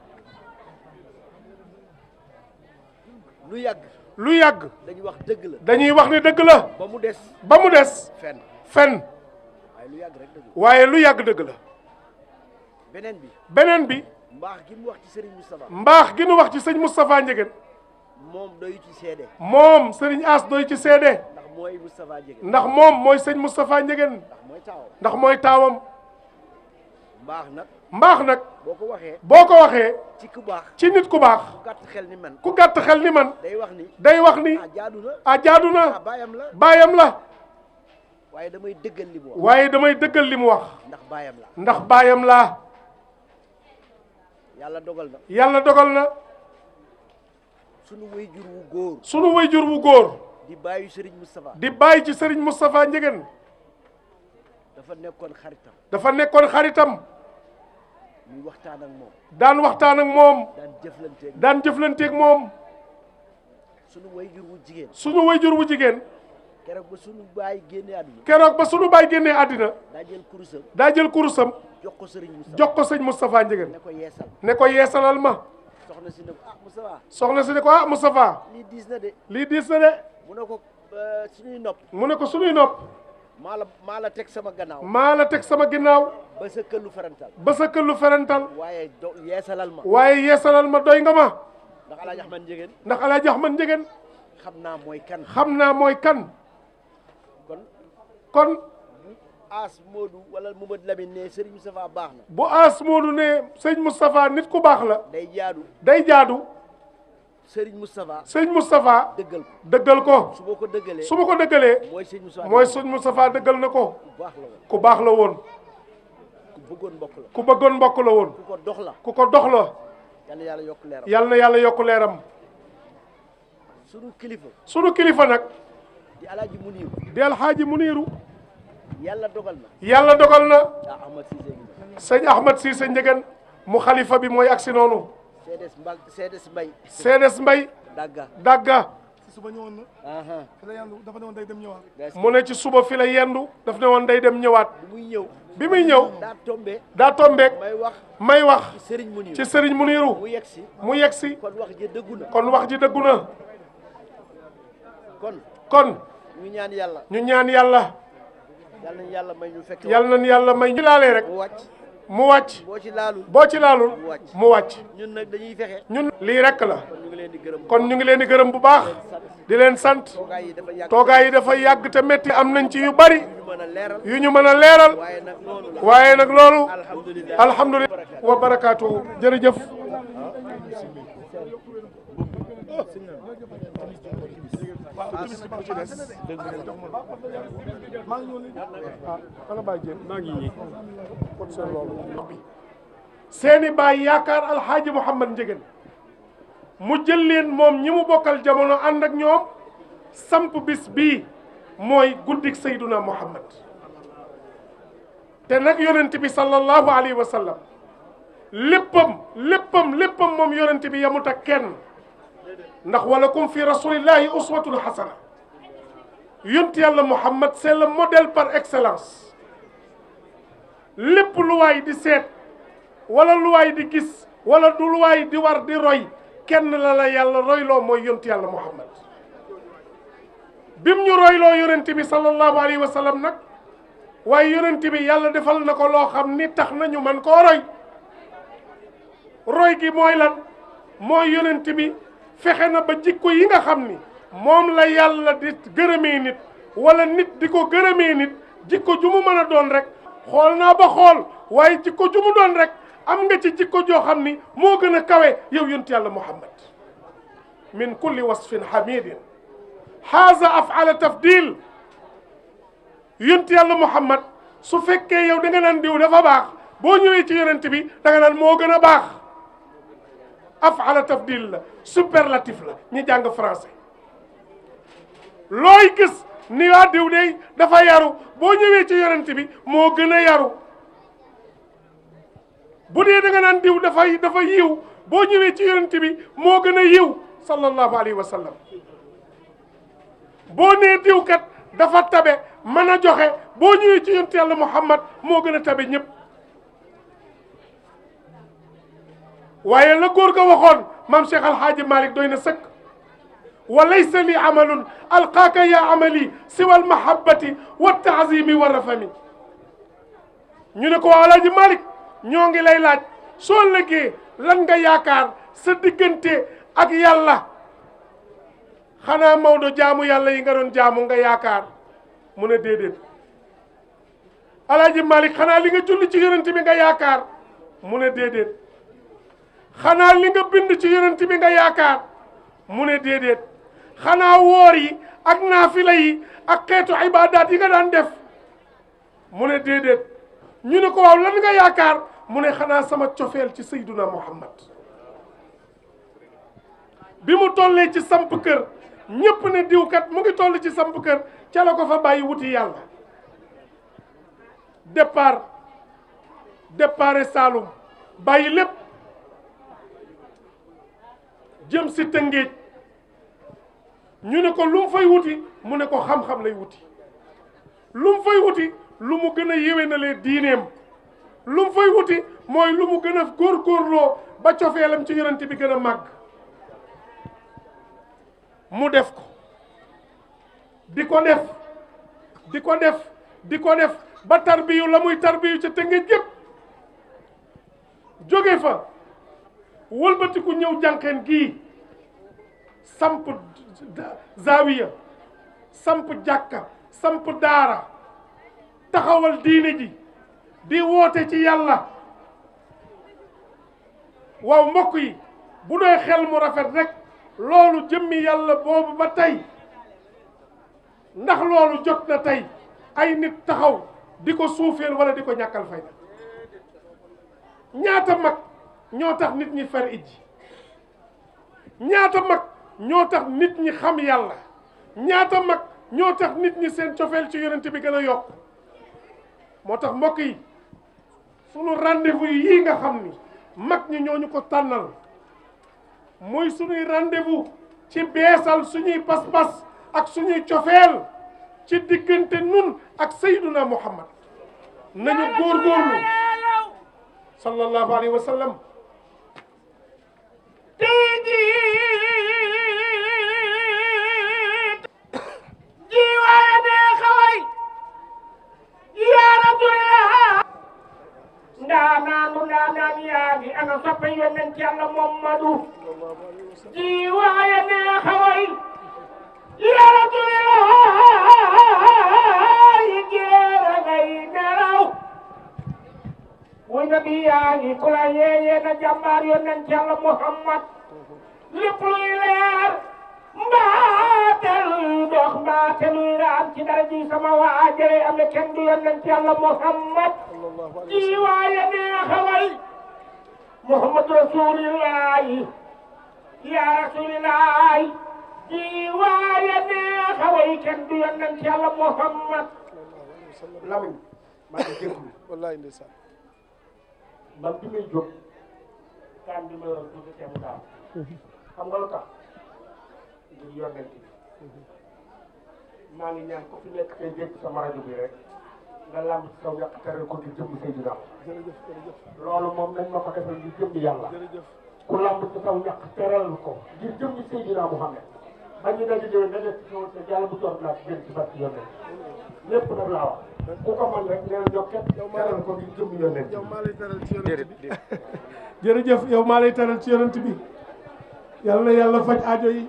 lu yàgg lu yàgg dañuy wax dëgg la dañuy wax ne dëgg la ba mu des ba mu des fen fen waaye lu yàgg dëgg la beneen bi beneen bi mbaax gi wax ci sëriñ Moustapha mbaax gi nu wax ci sëñ Moustapha Ndiéguène moom doy ci seede moom sëriñ As ci seede ndax mooy Moustapha ndax moom mooy sëñ Moustapha Ndiéguène ndax mooy taawam mbaax nag mbaax nag boo ko waxee boo ko waxee ci ku baax ci nit ku baax ku gàtt xel ni man ku gàtt xel ni man day wax ni day wax ni ah, jaadu na ah, jaadu na ah, baayam la baayam la waaye damay dëggal li wax waaye damay dëggal li mu wax ndax baayam la ndax baayam laa yàlla dogal na yàlla dogal na sunu wu góor sunu wayjur wu góor di bàyyi Serigne Moustapha di bàyyi ci Serigne Moustapha Ndiéguène dafa nekkoon xaritam dafa nekkoon xaritam muy waxtaan ak moom. daan waxtaan ak moom. daan jëflanteeg moom daan jëflanteeg moom. sunu wayjur wu jigéen. sunu wayjur wu jigéen. keroog ba sunu baay génnee àddina. keroog ba sunu baay génnee àddina. daa jël kurusam. daa jël kurusam. jox ko sëriñ jox ko sëriñ Moustapha Ndiéguène. ne ko yeesal ne ko yeesalal ma. soxna si ne ko ah Moustapha. soxna si ne ko ah Moustapha. lii diis na de. lii diis na de. mu ne ko euh, sunuy mu ne ko sunuy nopp. maala maa la teg sama gannaaw. maa la teg sama gannaaw. ba sa këllu ferantal. ba sa këllu ferantal. waaye do ma. waaye yeesalal ma doy nga ma. ndax El Hadj Axman ndax El Hadj Axman Njegen. xam naa mooy kan. xam naa mooy kan. kon. kon. As Modou wala Mamadou Lamine ne Serigne Moustapha baax na. bu As Modou ne Serigne Moustapha nit ku baax la. day jaadu. day jaadu. sëriñ Moustapha sëriñ Moustapha. dëggal ko dëggal ko. su ma ko dëggalee su ma ko dëggalee. mooy sëriñ Moustapha mooy sëriñ Moustapha dëggal na ko. ku baax la woon ku bëggoon mbokk la ku bëggoon mbokk woon. ku ko dox la ku ko dox yal na yàlla yokk leeram yal na yàlla yokk leeram. sunu kilifa sunu kilifa nag. di alaaji Muniiru yàlla dogal na yàlla dogal ah, na. sëñ Ahmad Cissé Ndiéguène mu xalifa bi mooy agsi noonu. Seedes Mbag Seedes Mbay. Seedes Mbay. Dagga Dagga. ci suba ñëwoon na. fi la yendu dafa day dem ñëwaat. mu ne ci suba fi la yendu daf ne woon day dem ñëwaat. bi muy ñëw bi muy ñëw. daa tombé daa tombé. may wax may wax. ci Serigne Muniru ci Serigne Muniru. mu yegg si mu yegg si. kon wax ji dëggu na kon wax ji dëggu na. kon kon. ñu ñaan yàlla ñu yal nañu yàlla may ñu fekk. yal nañu yàlla rek. mu wàcc boo ci laalul boo ci laalul mu wàcc ñun nag dañuy fexe ñun lii rek la kon ñu ngi leen di gërëm bu baax di leen sant toogaay yi dafa yàgg te métti am nañ ci yu bari yu ñu mën a leeral waaye nag loolu alhamdulilah wa barakaatu jërëjëf seni bay yakar al des mohammed nga mu jël len mom ñi mu jamono and ak ñom samp bis bi moy guddik sayyiduna mohammed té nak yonent bi sallallahu Alaihi Wasallam leppam leppam leppam mom moom yonent bi yamuta kenn ndax walakum fi rasulillahi uswatun hasana yont yàlla Muhammad c'est le modèle par excellence lépp lu waay di seet wala lu waay di gis wala du lu waay di war di roy kenn la la yàlla royloo mooy yont yàlla Muhammad bim ñu royloo yonent bi sallallahu alayhi wa sallam nag waaye yonent bi yàlla defal na ko loo xam ni tax na ñu man koo roy roy gi mooy lan mooy yonent bi fexe na ba jikko yi nga xam ni moom la yàlla di gërëmee nit wala nit di ko gërëmee nit jikko ju mu mën a doon rek xool naa ba xool waaye jikko ju mu doon rek am nga ci jikko joo xam ni moo kawe yow yonent yàlla muhammad min kulli wasfin hamidin haza afala tafdil yonent yàlla muhammad su fekkee yow da nga naan diw dafa baax boo ñëwee ci yonent bi da nga naan moo gën a afala tafdil la superlatif la ñi jàng français looy gis ni waa diw dey dafa yaru boo ñëwee ci yonent bi moo gën a yaru bu dee da nga naan diw dafa yiw boo ñëwee ci yonent bi moo gën a yiw sallallahu alayhi boo nee diw kat dafa tabe mën a joxe boo ñëwee ci yonent yàlla muhammad moo gën a tabe ñëpp waaye la góor ga waxoon maam Cheikh Alhaaji Malick doy na sëkk wa laysa li amalun alqaaka ya amali siwa almahabati wa taazimi wa rafami ñu ne ko waa Alhaaji Malick ñoo ngi lay laaj soo lëggee lan nga yaakaar sa diggante ak yàlla xanaa Maodo jaamu yàlla yi nga doon jaamu nga yaakaar mu ne déedéet Alhaaji Malick xanaa li nga julli ci yonent bi nga yaakaar mu ne déedéet xanaa li nga bind ci yonent bi nga yaakaar mu ne déedéet xanaa woor yi ak naafila yi ak xeetu ibaadaat yi nga daan def mu ne déedéet ñu ne ko waaw lan nga yaakaar mu ne xanaa sama cofeel ci sayduna muhammad bi mu tollee ci samp kër ñépp ne diwkat mu ngi toll ci samp kër ca la ko fa bàyyi wuti yàlla départ départ Saalum bàyyi lépp jëm si Tëngéej ñu ne ko lu mu fay wuti mu ne ko xam-xam lay wuti lu mu fay wuti lu mu gën a yéwénalee diineem lu mu fay wuti mooy lu mu gën a góorgóorloo ba cofeelam ci yonent bi gën a màgg mu def ko di ko def di ko def di ko def ba tarbiyu la muy tarbiyu ca Tëngéej yépp jóge fa wëlbatiku ñëw jànqeen gii samp zawiya samp jàkka samp daara taxawal diine ji di woote ci yàlla waaw mbokk yi bu doy xel mu rafet rek loolu jëmmi yàlla boobu ba tey ndax loolu jot na tey ay nit taxaw di ko suufeel wala di ko ñàkkal fayda ñaata mag ñoo tax nit ñi far ijji ñaata mag ñoo tax nit ñi xam yàlla ñaata mag ñoo tax nit ñi seen cofeel ci yonent bi gën a yokk moo tax mbokk yi sunu rendez-vous yii nga xam ni mag ñi ñooñu ko tànnal mooy suñuy rendez-vous ci beesal suñuy pas-pas ak suñuy cofeel ci diggante nun ak sayduna muhammad nañu góorgóorlu sallallahu alayhi wa sallam ji waaye ne xaway yaratu nabiyaa ngi ku la yeeyee na jàmbaar yonent Yàlla Muhammad lépp luy leer mbaatel dox mbaatel luy raam ci dara ji sama waa jëre am na kenn du yonent Yàlla Muhammad ji waaye neexawal Muhammad rasulillahi ya rasulillahi ji waaye neexawal kenn du yonent Yàlla Muhammad Lamin maa ngi déglu wallaay ndeysaan man bi may jóg kaan bi ma yor tuuti ceebu daal xam nga lu tax ngir yonent bi maa ngi ñaan ko fi nekk tey sama rajo bi rek nga làmb ci kaw yàq tere ko di jëmbi say dinaaw loolu moom nañ ma ko defal ngir jëmbi yàlla ku làmb ci kaw yàq teral ko ngir jëmbi say Muhammad ba ñu daje ci yàlla bu naa ci ci yonent lépp nag laa wax ku ko man rek neel jokket teral ko ngir jëm yonent yow maa lay teral ci yonent bi jërëjëf yow maa lay teral ci yonent bi yal na yàlla faj aajo yi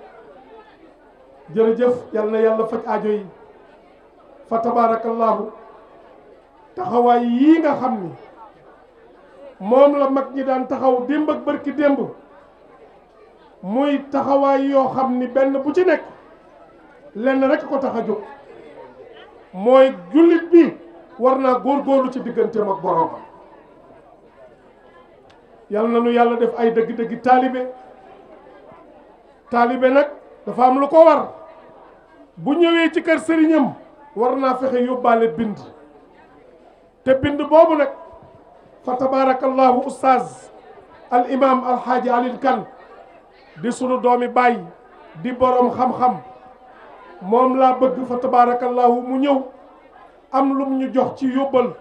jërëjëf yal na yàlla faj aajo yi fa tabaarakallaahu taxawaay yii nga xam ni la mag ñi daan taxaw démb ak bërki démb muy taxawaay yoo xam benn bu ci nekk lenn rek ko tax mooy jullit bi war naa góorgóorlu ci digganteem ak boromam yal na nu yàlla def ay dëgg-dëgg taalibe taalibe nag dafa am lu ko war bu ñëwee ci kër sëriñam war naa fexe yóbbaale bind te bind boobu nag fa tabarakallahu ustaaz al imam alxaaji alin kan di sunu doomi bàyyi di boroom xam-xam moom laa bëgg fa tabaarakallaahu mu ñëw am lum ñu jox ci yóbbal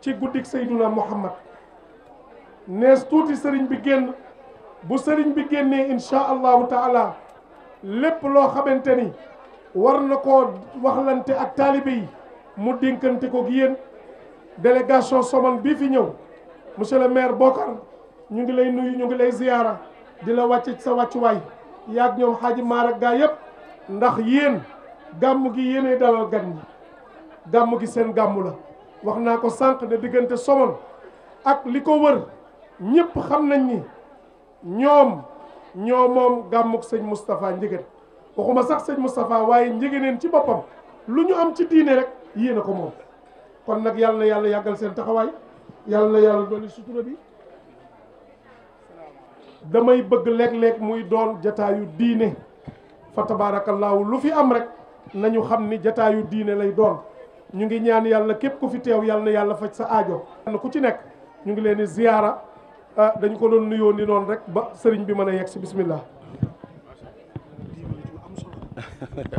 ci guddik sayduna muhammad nees tuuti sëriñ bi génn bu sëriñ bi génnee insha allahu taala lépp loo xamante ni war na koo waxlante ak taalibe yi mu dénkante ko gi yéen délégation Somone bii fi ñëw monsieur le maire Bokar ñu ngi lay nuyu ñu ngi lay ziyaara di la wàcc sa wàccuwaay yaag ñoom xaaji maar ak gaa yëpp ndax yéen gàmm gi yéenay dalal gan ñi gàmm gi seen gàmmu la wax naa ko sànq ne diggante somon ak li ko wër ñépp xam nañ ni ñoom ñoo moom gàmmuk sëñ Moustapha Njigéen waxuma sax sëñ Moustapha waaye njigéeneen ci boppam lu ñu am ci diine rek yéen ko moom kon nag yàlla na yàlla yàggal seen taxawaay yàlla na yàlla dolli sutura bi damay bëgg léeg-léeg muy doon jataayu diine fa tabaarakallaahu lu fi am rek nañu xam ni jataayu diine lay doon ñu ngi ñaan yàlla képp ku fi teew yàlla na yàlla faj sa aajo ku ci nekk ñu ngi leen di ziyaara ah, dañu ko doon nuyoo ni noonu rek ba sëriñ bi mën a yegg si bismillah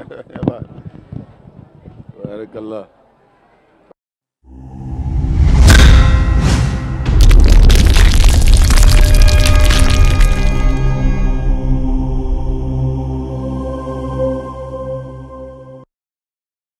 barakallah